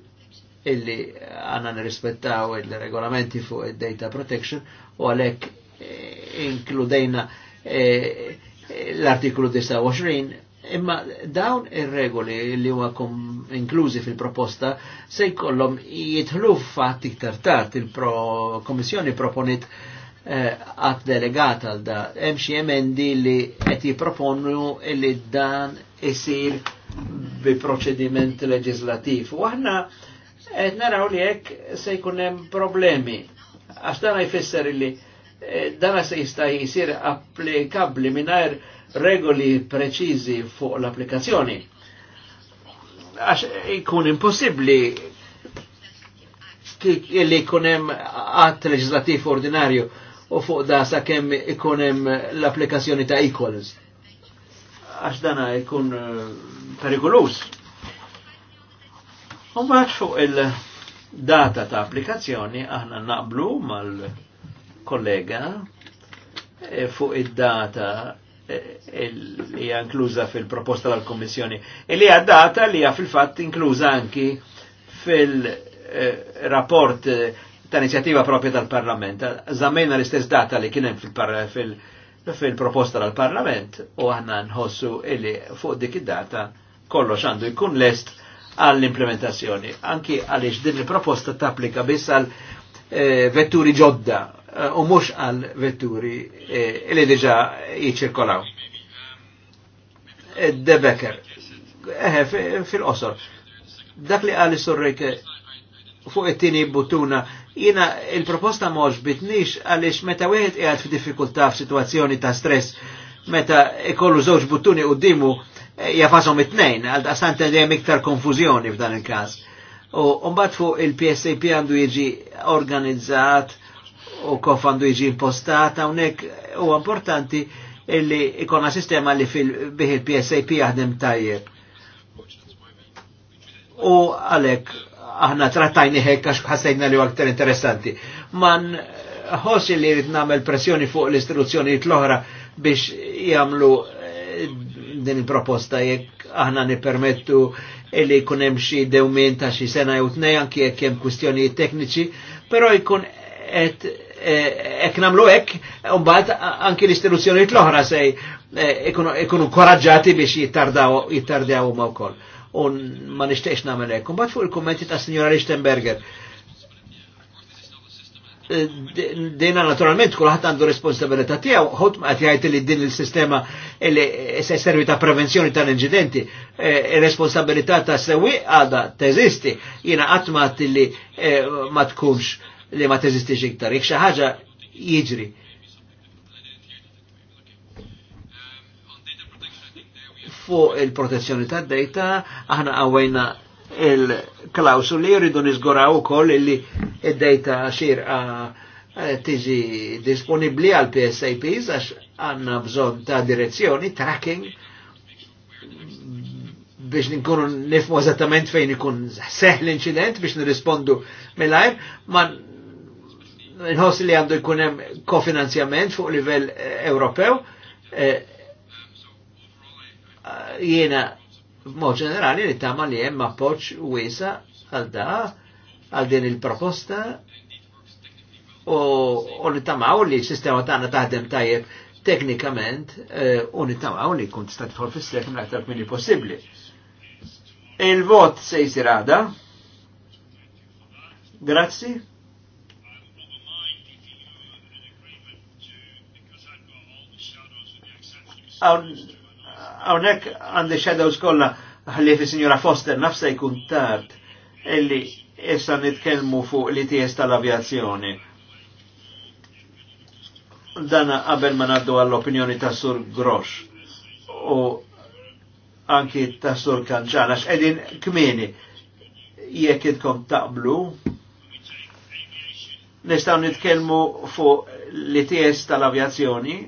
illi għanna nirrispettaw il-regolamenti fuq il-data protection u għalek eh, inkludejna eh, l-artiklu 29 imma dawn il regoli li huwa inklużi fil-proposta se jkollhom jidħlu fatt iktar tard il-Komissjoni proponit għat eh, delegat għal da. emxie emendi li għet jiproponnu illi dan jisir bi proċediment leġislativ. U aħna qed naraw li għek se jkunem problemi. Għax dan jfisser illi eh, dan se jistaj jisir applikabli minnajr regoli preċizi fuq l-applikazzjoni. Għax jkun impossibli illi jkunem għat att leġislativ ordinarju u fuq da sa' kem ikunem l-applikazzjoni ta' equals. Għax dana ikun eh, perikolus. U fuq il-data ta' applikazzjoni aħna naqblu mal-kollega eh, fuq id-data eh, li hija inkluża fil-proposta tal-Kommissjoni. E li hija data li hija fil-fatt inkluża anki fil-rapport eh, ta' inizjattiva propja tal-Parlament. Zammejna l-istess data li kienem fil-proposta tal-Parlament u għanna nħossu illi fuq dik id-data kollox għandu jkun lest għall-implementazzjoni. Anki għaliex din il-proposta tapplika biss għal eh, vetturi ġodda eh, u mux għal vetturi eh, li diġa jiċirkolaw. De Becker, fil-qosor, dak li għalli surrejke fuq it-tini buttuna Jina il-proposta mhux bitnix għaliex meta wieħed qiegħed f'diffikultà f'sitwazzjoni ta' stress meta ikollu żewġ buttuni quddimu eh, jafasom it-tnejn, għal daqstant dejjem iktar konfużjoni f'dan il-każ. U mbagħad fuq il-PSAP għandu jiġi organizzat u kof għandu jiġi impostata hawnhekk huwa importanti illi ikonna sistema li fil-bih il-PSAP jaħdem tajjeb. U għalek aħna trattajni hekk għax ħassejna li aktar interessanti. Man ħossi li rrit namel pressjoni fuq l-istituzzjonijiet l-oħra biex jamlu eh, din il-proposta jekk aħna nipermettu li jkun hemm xi dewmien ta' xi sena jew tnej anki jekk hemm kwistjonijiet tekniċi, però jkun qed eh, hekk nagħmlu hekk, u mbagħad anki l-istituzzjonijiet l-oħra se eh, ikunu koraġġati biex jittardaw jittardaw huma wkoll un ma nishtiqx nagħmel hekk. Imbagħad fuq il-kummenti ta' Sinjora Richtenberger. Eh, dina naturalment kulħadd għandu responsabilità tiegħu, ħodt ma qed jgħid li din il-sistema li se servi ta' prevenzjoni tal-inċidenti, eh, ir-responsabilità ta' sewi għadha teżisti, jiena qatt ma li eh, ma tkunx li ma teżistix iktar. Jekk xi ħaġa jiġri fuq il-protezzjoni ta' data aħna għawajna il-klausuli jridu u koll illi id-data xir eh, tiġi disponibli għal PSAPs għax għanna bżon ta' direzzjoni, tracking, biex ninkunu nifmu eżattament fejn ikun seħ l incident biex nirrispondu mill-ajr, ma nħossi li għandu jkun hemm kofinanzjament fuq livell eh, Ewropew, eh, jiena mod ġenerali li tama li hemm appoġġ wiesa għal da għal din il-proposta u nittamaw li s-sistema tagħna taħdem tajjeb teknikament e, u nittamaw li kun tista' tħol fis-seħ mill-aktar kmini possibli. Il-vot se jisirada. għada. Grazzi. Hawnhekk għandi xedaw kollha ħalli fi Sinjora Foster nafsa jkun tard illi issa nitkellmu fuq li ties tal-avjazzjoni. Dan qabel ma naddu għall-opinjoni ta' Sur Grosh u anki ta' Sur Kanċana x'qegħdin kmieni jekk idkom taqblu nistaw nitkellmu fuq li tijes tal-avjazzjoni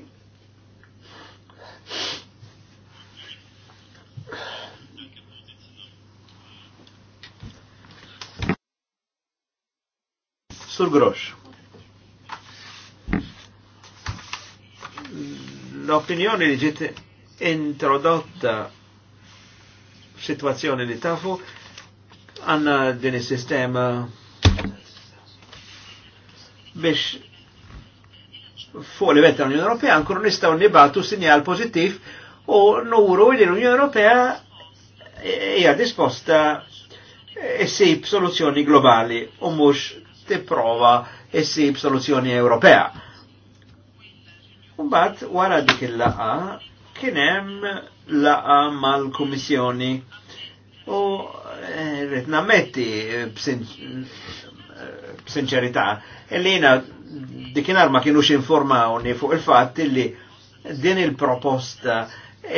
Sur Grosh. L-opinjoni li ġiet introdotta situazzjoni li tafu għanna din is-sistema biex fuq livell ta' Unjoni Ewropea nkunu nistgħu nibatu sinjal pożittiv u nuru li l-Unjoni Ewropea hija disposta issib soluzzjoni globali u mhux tipprova issib soluzzjoni Ewropea. Mbagħad wara dik il-laqa kien hemm laqa mal-Kummissjoni u eh, rrid nammetti b'sinċerità li jiena dikinar ma kienux informawni fuq il-fatt li din il-proposta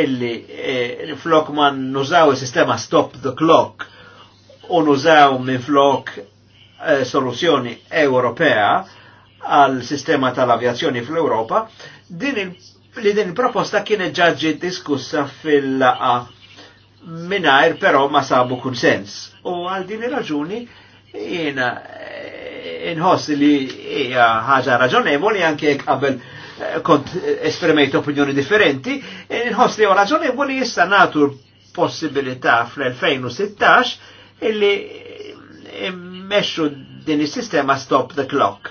illi eh, flok ma nużaw il-sistema stop the clock u nużaw minn flok Eh, soluzzjoni Ewropea għal sistema tal-avjazzjoni fl-Europa, din li din il-proposta kienet ġaġi diskussa fil-laqa minajr però ma sabu kunsens. U għal din il-raġuni jena eh, inħoss li hija ħaġa raġonevoli anke jekk qabel eh, kont esprimejt opinjoni differenti, inħoss li hija raġonevoli issa natu possibilità fl-2016 illi meċu din is-sistema stop the clock.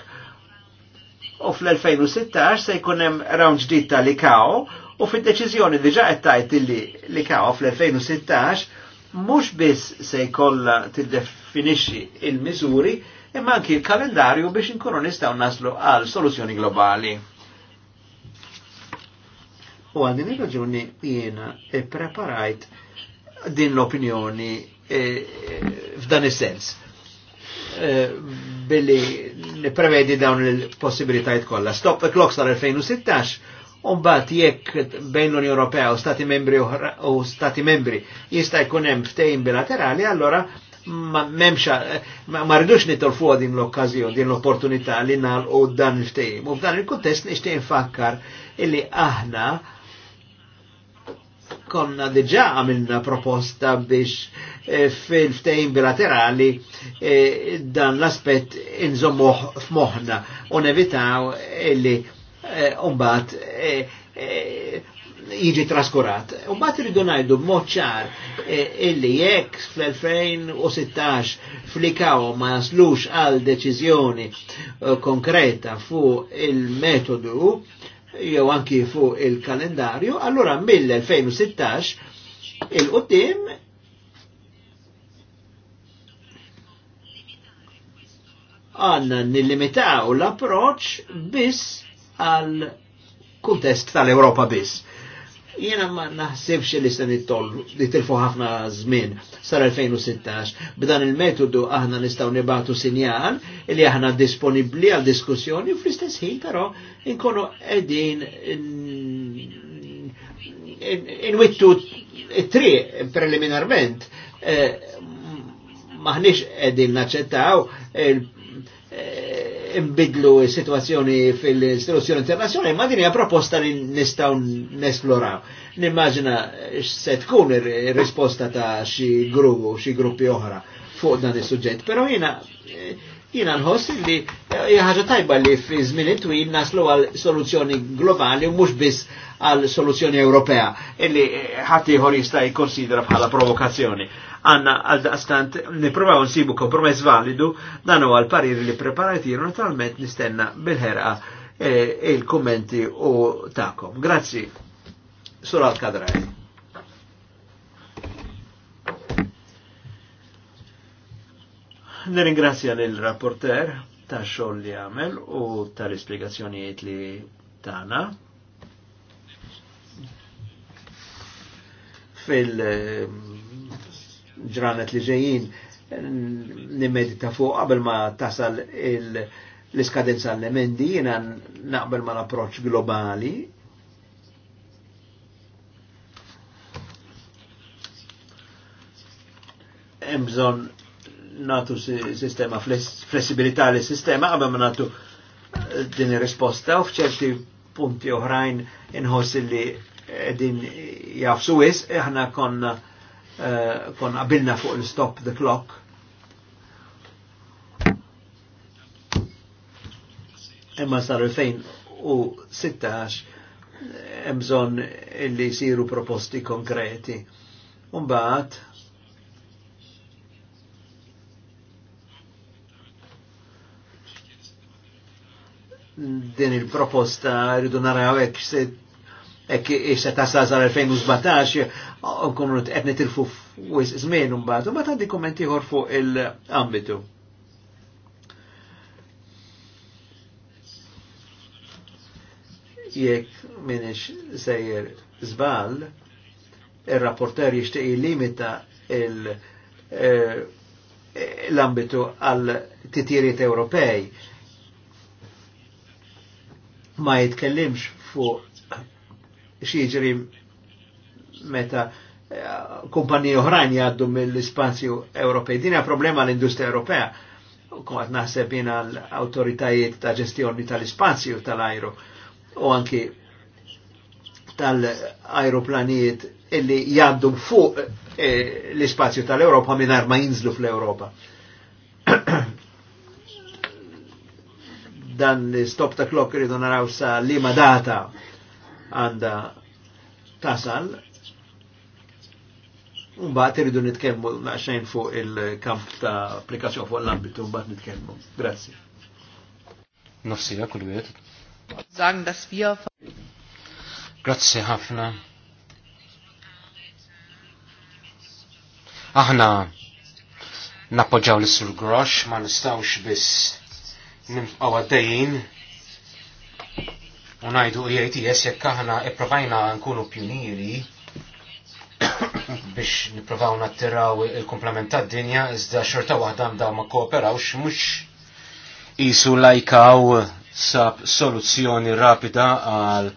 U fl-2016 se jkun hemm round ġdid ta' Likao u fid-deċiżjoni diġà qed tajt li Likao fl-2016 mhux biss se jkollha tiddefinixxi il-miżuri imma anki l-kalendarju biex inkunu nistgħu naslu għal soluzzjoni globali. U għal din ir-raġuni jiena ippreparajt din l-opinjoni eh, f'dan is-sens. Eh, billi niprevedi dawn il-possibilitajt kollha. Stop the clock sar 2016 bat jekk bejn l-Unjoni Ewropea u Stati membri u Stati membri jista' jkun hemm ftehim bilaterali, allora ma memxa, ma rridux nitolfu din l-okkazjon, din l-opportunità li nal u dan il-ftehim. U f'dan il-kuntest nixtieq infakkar illi aħna konna diġa għamilna proposta biex eh, fil-ftejn bilaterali eh, dan l-aspet inżommuħ f'moħna u nevitaw illi eh, umbat jiġi traskurat. Umbat rridu najdu b'moċċar illi jekk fl-2016 flikaw ma jaslux għal deċiżjoni konkreta fu il-metodu jew anki fuq il-kalendarju, allura mill-2016 il-qoddim għanna nillimitaw l-approċ biss għal kuntest tal-Europa biss. Jena ma naħsibx li se li tilfu ħafna żmien sar 2016. B'dan il-metodu aħna nistgħu nibatu sinjal li aħna disponibbli għal diskussjoni fl-istess ħin però inkunu qegħdin inwittu tri preliminarment eh, maħniex qegħdin naċċettaw imbidlu situazzjoni fil-istituzzjoni internazzjonali, ma din hija proposta li nistgħu nesploraw. Nimmaġina se tkun ir-risposta ta' xi gruppu, xi gruppi oħra fuq dan is-suġġett, però jiena jiena nħoss li hija ħaġa tajba li fi żmien twil naslu għal soluzzjoni globali u mhux biss għal soluzzjoni Ewropea illi ħadd ieħor jista' jikkonsidra bħala provokazzjoni għanna għal daqstant niprovaw nsibu kompromess validu dan u għal parir li preparatiru naturalment nistenna bil-ħerqa eh, il-kommenti u takom. Grazzi. Sur kadraj Neringrazzja l-rapporter ta' xoll li għamel u tal-ispjegazzjonijiet li tana. fil eh, ġranet li ġejjin nimmedita fuq qabel ma tasal l-iskadenza l-emendi jiena naqbel ma l-approċ globali hemm bżonn natu sistema flessibilità li sistema qabel ma natu eh, din ir-risposta u f'ċerti punti oħrajn inħoss li din jafsu wis aħna konna Eh, kon għabilna fuq l-stop the clock. Imma fejn u hemm bżonn illi jsiru proposti konkreti. Umbaħt, din il-proposta rridu naraw hekk se tasla sar 2017 nkunu qed nitilfu f'wis żmien imbagħad u mbagħad għandi kumment ieħor fuq il-ambitu. Jekk minix sejjer żball, ir-rapporter jixtieq jillimita eh, l-ambitu għal titjiriet Ewropej ma jitkellimx fuq xieġri meta eh, kumpanija oħrajn jgħaddu mill ispazju Ewropej. hija problema l-industrija Ewropea. Kumat naħseb l awtoritajiet ta' ġestjoni tal-ispazju tal-ajru u anki tal-ajruplanijiet illi jgħaddu fuq eh, l-ispazju tal-Europa minar ma jinżlu fl-Europa. <clears throat> Dan l-stop ta' klokk rridu naraw sa' lima data għanda tasal Mbagħad iridu nitkellmu xejn fuq il-kamp ta' applikazzjoni fuq l-ambitu mbagħad nitkemmu. Grazzi. Nofsija kull wiet. Sagen das wir Grazzi ħafna. Aħna nappoġġaw l-Sur Grosh ma nistawx biss nimqaw għaddejjin unajdu jessek jekk aħna provajna nkunu pjunieri <coughs> biex niprovaw nattiraw il-komplement tad dinja iżda xorta waħda da ma kooperawx mhux jisu lajkaw sab soluzzjoni rapida għal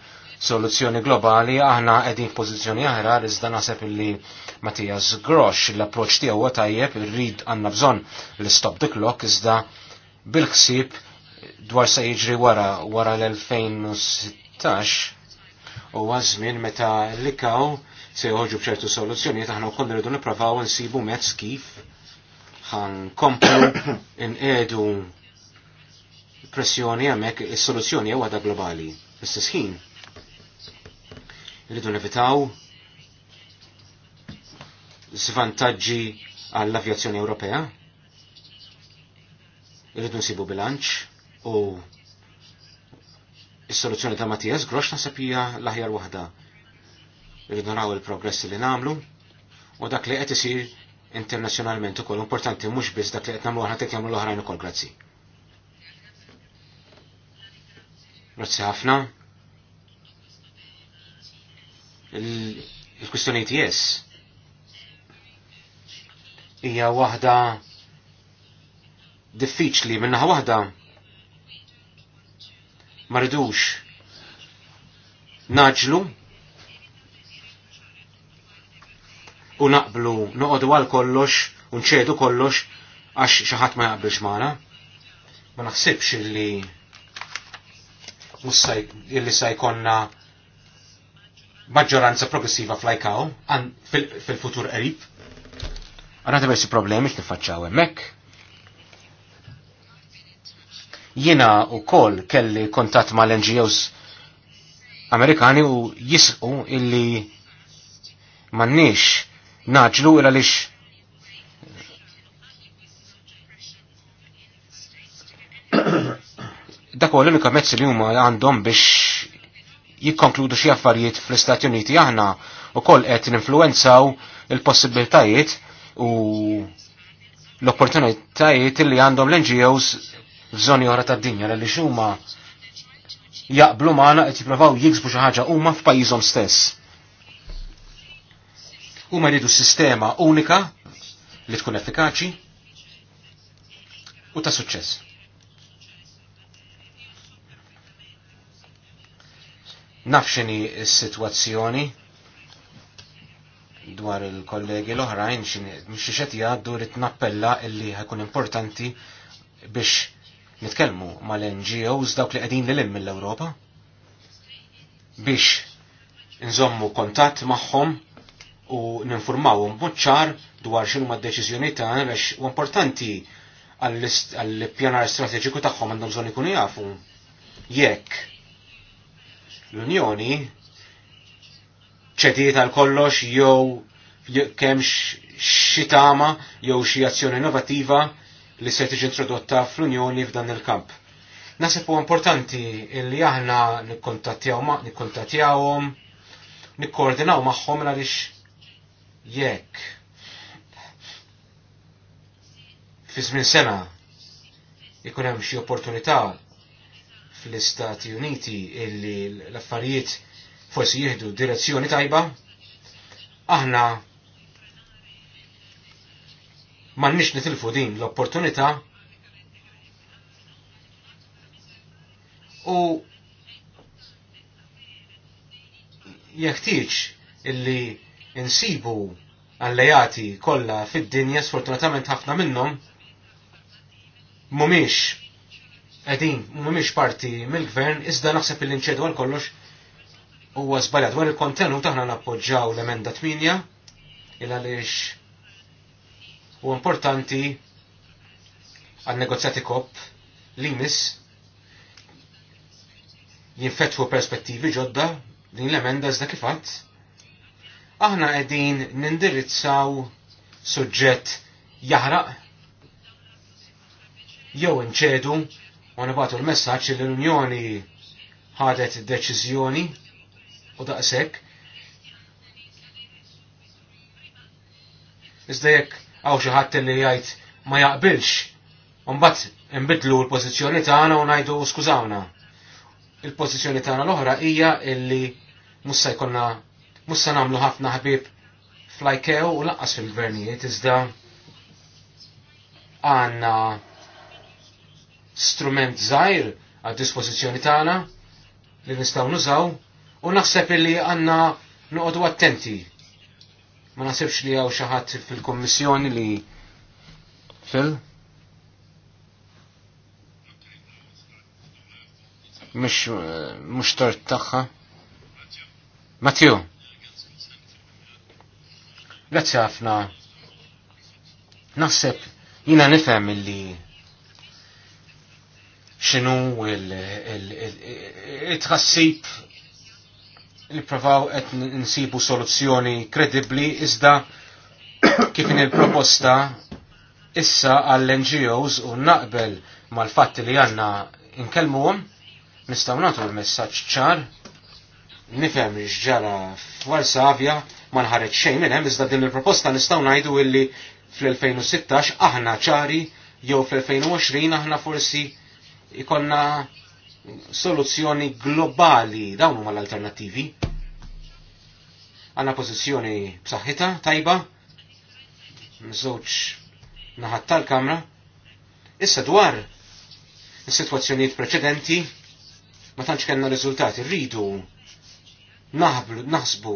soluzzjoni globali aħna qegħdin pozizjoni aħra iżda nasab illi Mattias Grosh l-approċċ tiegħu huwa tajjeb irrid għandna bżonn l-stop the clock iżda bil-ħsieb dwar sa jiġri wara wara l-2016 u għazmin meta l se joħorġu bċertu taħna aħna wkoll rridu nipravaw nsibu mezz kif ħan komplu <coughs> n-edu pressjoni għamek is-soluzzjoni għada waħda globali. Istess ħin irridu nevitaw svantagġi għall-avjazzjoni Ewropea. rridu nsibu bilanċ U is-soluzzjoni ta' Mattias Grosh nasab hija l-aħjar waħda. Irridu naraw il-progress li nagħmlu u dak li qed isir internazzjonalment ukoll importanti mhux biss dak li qed nagħmlu aħna qed jagħmlu l-oħrajn ukoll grazzi. Grazzi ħafna. Il-kwistjoni ITS hija waħda diffiċli minnaħa waħda Mardux naġlu u naqblu noqodu għal kollox u nċedu kollox għax xaħat ma jaqbilx maħna. Ma naħsibx illi illi sajkonna maġġoranza progressiva fl-ICAO fil-futur qrib. Għanna teversi problemi x-tifacċaw emmek. Jina u kol kelli kontat ma l-NGOs Amerikani u jisqu illi mannix naġlu illa lix <coughs> dak l-unika mezz li huma għandhom biex jikkonkludu xi affarijiet fl-Istati Uniti aħna wkoll qed ninfluwenzaw il-possibiltajiet u l-opportunitajiet li għandhom l-NGOs f'żoni oħra tad-dinja li xuma jaqblu maħna qed jippruvaw jiksbu xi ħaġa huma f'pajjiżhom stess. Huma jridu sistema unika li tkun effikaċi u ta' suċċess. Nafxini s-sitwazzjoni dwar il-kollegi l-oħrajn xini mxiexet jgħaddu li t-nappella illi ħakun importanti biex nitkellmu mal-NGOs dawk li qegħdin lil mill-Ewropa biex nżommu kontatt magħhom u ninformawhom b'ċar dwar ma' d-deċiżjonijiet ta' biex u importanti għall-pjanar strateġiku tagħhom għandhom bżonn ikunu jafu jekk l-Unjoni ċediet għal kollox jew kemx xitama jew xi azzjoni innovativa li se tiġi introdotta fl-Unjoni f'dan il-kamp. Nasib huwa importanti li aħna nikkontattjawhom, nikkoordinaw magħhom għaliex jekk fi żmien sena ikun hemm xi opportunità fl-Istati Uniti illi l-affarijiet forsi jieħdu direzzjoni tajba, aħna Ma nix nitilfu din l-opportunità u jeħtieġ illi insibu allejati kollha fid-dinja sfortunatament ħafna minnhom mhumiex qegħdin mhumiex parti mill-gvern iżda naħseb illi nċedu għal kollox huwa żbaljat dwar il-kontenut aħna nappoġġaw l-emenda 8 il għaliex u importanti għan negozjati kop li mis jinfetħu perspettivi ġodda din l-emenda zda kifat. Aħna qegħdin nindirizzaw suġġett jaħraq jew inċedu u nibatu l-messaġġ li l-Unjoni ħadet deċiżjoni u daqshekk Iżda jekk għaw xi li jgħid ma jaqbilx. Mbagħad inbidlu l-pożizzjoni tagħna u ngħidu skużawna. Il-pożizzjoni tagħna l-oħra hija illi mussa se jkollna mhux nagħmlu ħafna ħbieb flajkew u laqqas fil-gvernijiet iżda għandna strument żgħir għad dispożizzjoni tagħna li nistgħu nużaw u naħseb illi għandna noqogħdu attenti Ma nasibx li għaw xaħat fil-kommissjoni li fil? Mux, mux tort taħħa. Matju. Grazzi ħafna. Naħseb jina nifhem li xinu il-tħassib niprofaw qed nsibu soluzzjoni kredibbli iżda <coughs> kif il-proposta issa għall-NGOs u naqbel mal-fatti li għanna nkellmuhom nistgħu nagħtu l-messaġġ ċar nifhem ġara f'Varsavja ma nħareġ xejn minn hemm iżda din il-proposta nistgħu ngħidu illi fl-2016 aħna ċari jew fl-2020 aħna forsi ikonna soluzzjoni globali, dawn huma l-alternattivi. Għanna pożizzjoni b'saħħitha tajba, żewġ naħat tal-kamra. Issa dwar is-sitwazzjonijiet preċedenti ma tantx kellna riżultati, rridu naħblu, naħsbu,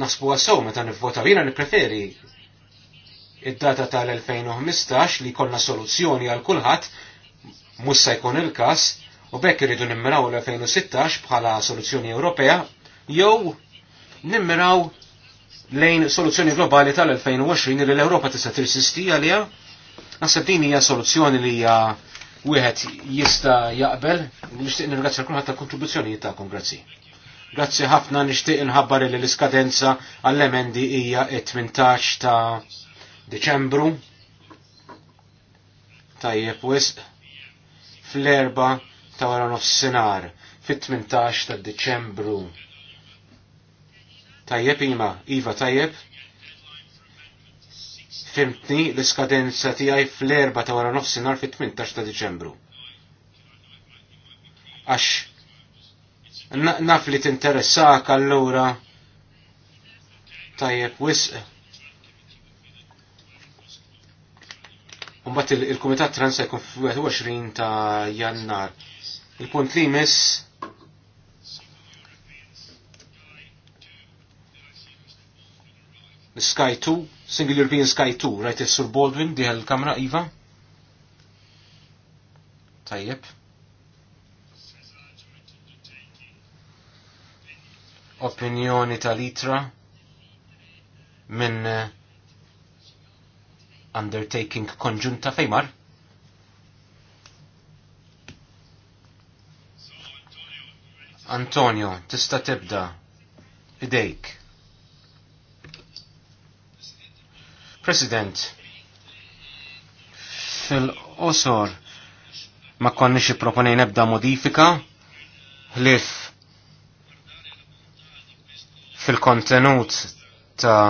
naħsbu għasow meta nivvota, jiena nippreferi id-data tal-2015 li konna soluzzjoni għal kulħadd mhux se jkun il-każ U bekk irridu nimmiraw l-2016 bħala soluzzjoni Ewropea jew nimmiraw lejn soluzzjoni globali tal-2020 li l-Ewropa tista' tirsisti għalija. Naħseb din hija soluzzjoni li hija wieħed jista' jaqbel. Nixtieq nirgrazzja kulħadd ta' kontribuzzjoni tagħkom, grazzi. Grazzi ħafna nixtieq inħabbar li l-iskadenza għall-emendi hija 18 ta' Deċembru. Tajjeb wisq fl-erba ta' wara nofsinar fit-18 ta' Diċembru. Tajjeb ima, Iva tajjeb. Fimtni l-iskadenza tiegħi fl-erba ta' wara nofsinhar fit-18 ta' Diċembru. Għax naf li tinteressak allura tajjeb wisq Umbat il-Komitat Trans se jkun 21 ta' jannar. Il-punt li mis. Sky 2, Single European Sky 2, rajt il-Sur Baldwin, diħal il-kamra, Iva? Tajjeb. Opinjoni tal-itra minn eh, undertaking konġunta fejmar? Antonio, tista tibda idejk. President, fil osor ma konniex proponej nebda modifika ħlif fil-kontenut ta'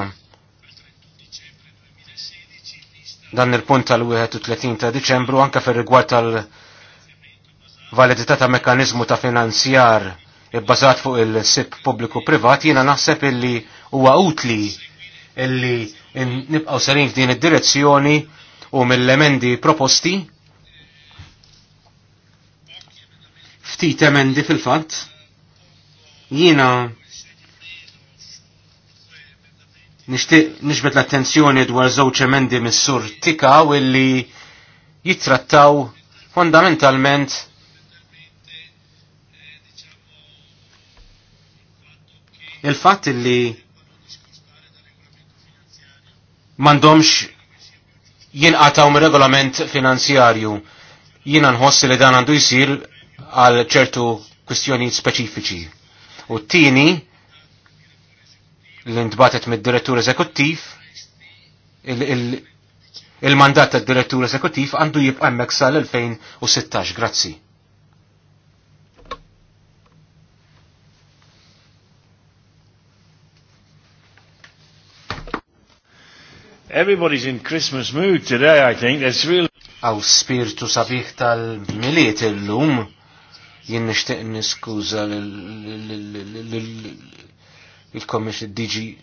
dan il-punt tal-31 ta' Diċembru anka fir rigward tal-validità ta' mekanizmu ta' finanzjar ibbażat fuq il-sib pubbliku privat jiena naħseb illi huwa utli illi nibqgħu serin f'din id-direzzjoni u mill-emendi proposti ftit emendi fil-fatt jiena Nixtieq nixbet l-attenzjoni dwar żewġ emendi mis-sur Tikaw illi jittrattaw fondamentalment il-fatt illi mandomx jinqataw mir regolament finanzjarju. Jina nħossi li dan għandu jisir għal ċertu kwistjonijiet speċifiċi. U t-tini, li ntbatet mid-direttur eżekuttiv, il-mandat tad direttur eżekuttiv għandu jibqa' hemmhekk sal-2016. Grazzi. Everybody's in Christmas mood today, I think. That's real. Aw spiritu sabiħ tal-miliet illum. Jien nixtieq niskuża il-kommissjoni,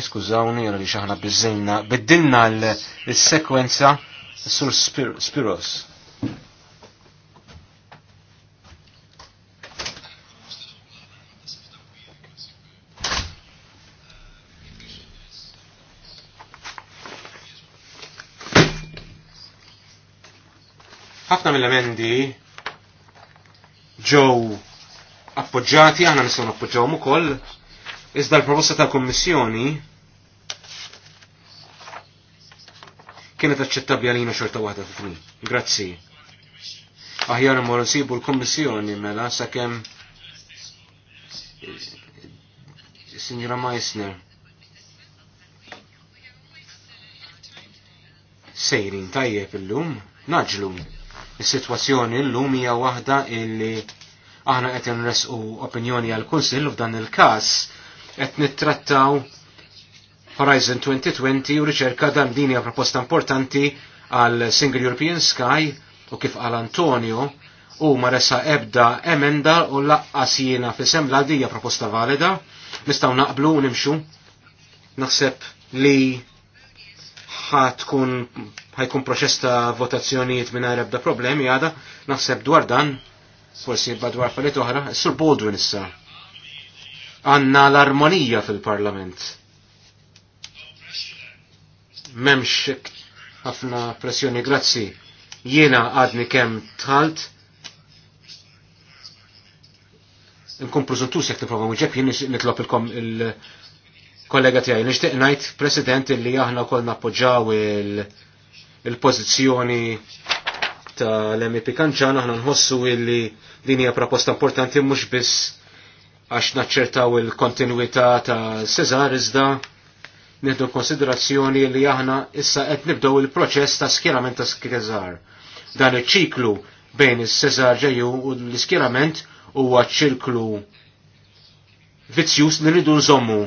skużawni, li xaħna bizzilna, biddilna l-sekwenza sur Spiros. ħafna mill-emendi ġew appoġġati, aħna nistgħu nappoġġawhom ukoll, iżda l-proposta tal-Kummissjoni kienet aċċettabbli għalina xorta waħda tni Grazzi. Aħjar imma nsibu l-Kummissjoni mela sakemm Signora Meissner. Sejrin tajjeb illum, il Is-sitwazzjoni lum hija waħda illi aħna qed nresqu opinjoni għal kunsill u f'dan il-każ qed nittrattaw Horizon 2020 u riċerka dan din hija proposta importanti għal Single European Sky u kif għal Antonio u ma resa ebda emenda u laqqas jiena fl-isem l proposta valida nistaw naqblu u nimxu naħseb li ħatkun ħajkun proċesta ta' votazzjonijiet minn ebda problemi għada naħseb dwar dan forsi badwar fallit oħra, sur Baldwin issa. Għanna l-armonija fil-parlament. Memx ħafna pressjoni, grazzi. Jiena għadni kem tħalt. Nkun prezentus jek t-prova muġeb, jien nitlob il-kom il-kollega tijaj. Nishtiq najt, President, li aħna kol nappoġġaw il-pozizjoni il pozizjoni tal-MEP Kanġan aħna nħossu illi din hija proposta importanti mhux biss għax naċċertaw il-kontinuità ta' Cesar iżda nieħdu konsiderazzjoni li aħna issa qed nibdew il-proċess ta' skjerament ta' Cesar. Dan iċ-ċiklu bejn is-Cesar ġejju u l-iskjerament huwa ċirklu vizzjus nridu nżommu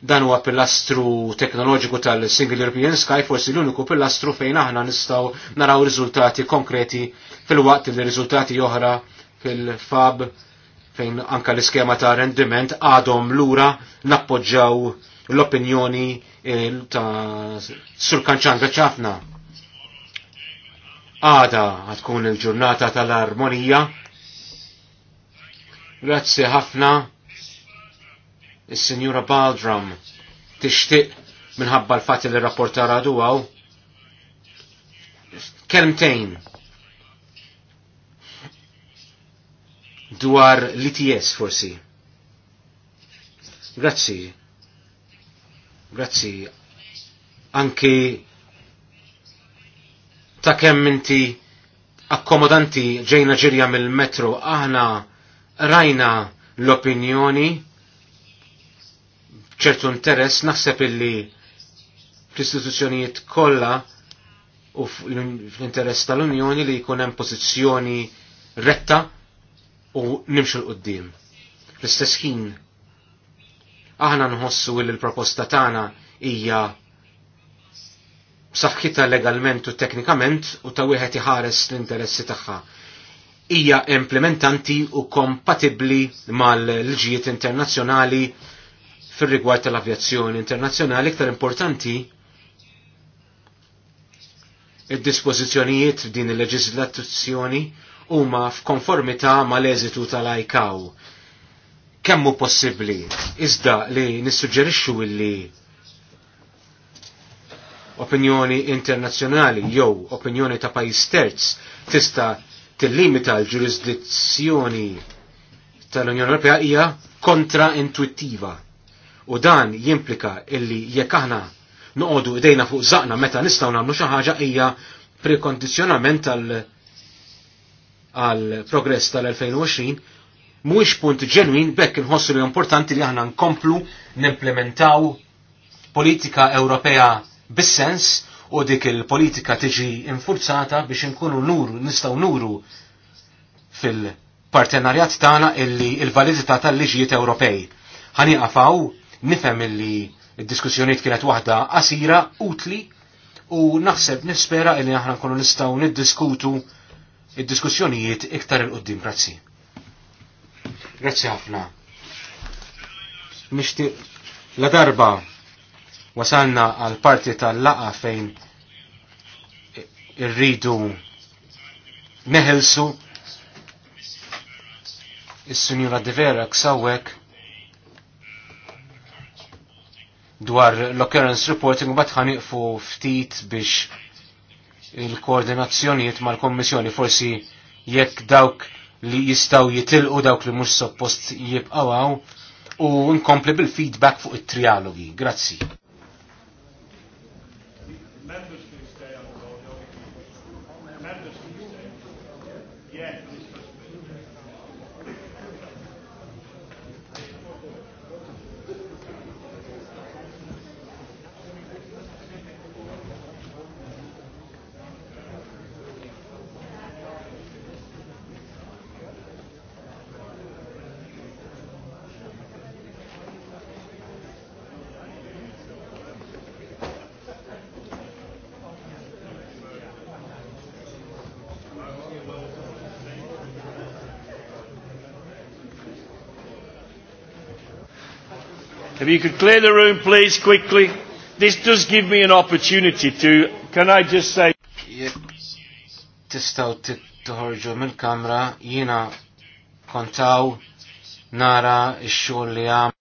dan huwa pilastru teknoloġiku tal-Single European Sky forsi l-uniku pilastru fejn aħna nistgħu naraw riżultati konkreti fil-waqt li riżultati oħra fil-fab fejn anka l-iskema ta' rendiment għadhom lura nappoġġaw l-opinjoni eh, ta' Sur Kanċanga ċafna. Għada tkun il-ġurnata tal-armonija. Grazzi ħafna Is-Sinjura Baldram tixtieq minħabba l fat li rapportar għadu għaw. Kelmtejn dwar l-ITS forsi. Grazzi. Grazzi. Anki ta' kemm inti akkomodanti ġejna ġirja mill-metro aħna rajna l-opinjoni ċertu interess naħseb illi fl-istituzzjonijiet kollha u fl-interess tal-Unjoni li jkun hemm pożizzjoni retta u nimxu l-qoddim. Fl-istess ħin aħna nħossu li l-proposta tagħna hija saħħitha legalment u teknikament u ta' wieħed iħares l-interessi tagħha hija implementanti u kompatibbli mal-liġijiet internazzjonali fil-rigward tal-avjazzjoni internazzjonali iktar importanti id-dispożizzjonijiet din il-leġislazzjoni huma f'konformità mal-eżitu tal-ICAO. Kemmu possibbli iżda li nissuġġerixxu illi opinjoni internazzjonali jew opinjoni ta' pajjiż terz tista' tillimita l-ġurisdizzjoni tal-Unjoni Ewropea hija kontraintwittiva. U dan jimplika illi jekk aħna noqogħdu idejna fuq zaqna meta nistgħu nagħmlu xi ħaġa hija prekondizzjonament għal progress tal-2020 mhuwiex punt ġenwin bekk inħossu li importanti li aħna nkomplu nimplementaw politika Ewropea bis-sens u dik il-politika tiġi infurzata biex inkunu nuru nistgħu nuru fil-partenarjat tagħna illi il-validità tal-liġijiet Ewropej. Ħaniqafaw Nifhem illi id-diskussjoniet kienet waħda qasira, utli, u naħseb nispera illi aħna nkunu nistgħu niddiskutu id-diskussjonijiet iktar il-qoddim. Grazzi. Grazzi ħafna. Nixtieq la darba wasalna għal parti tal-laqa fejn irridu neħelsu is-Sinjura Devera ksawek dwar l-occurrence reporting bat ħaniqfu ftit biex il-koordinazzjonijiet mal-Kommissjoni forsi jekk dawk li jistaw jitilqu dawk li mhux suppost jibqgħu u nkompli bil-feedback fuq it-trialogi. Grazzi. If you could clear the room, please, quickly. This does give me an opportunity to, can I just say... Tistaw tħorġu mill-kamra, jina kontaw nara x-xogħol li għam.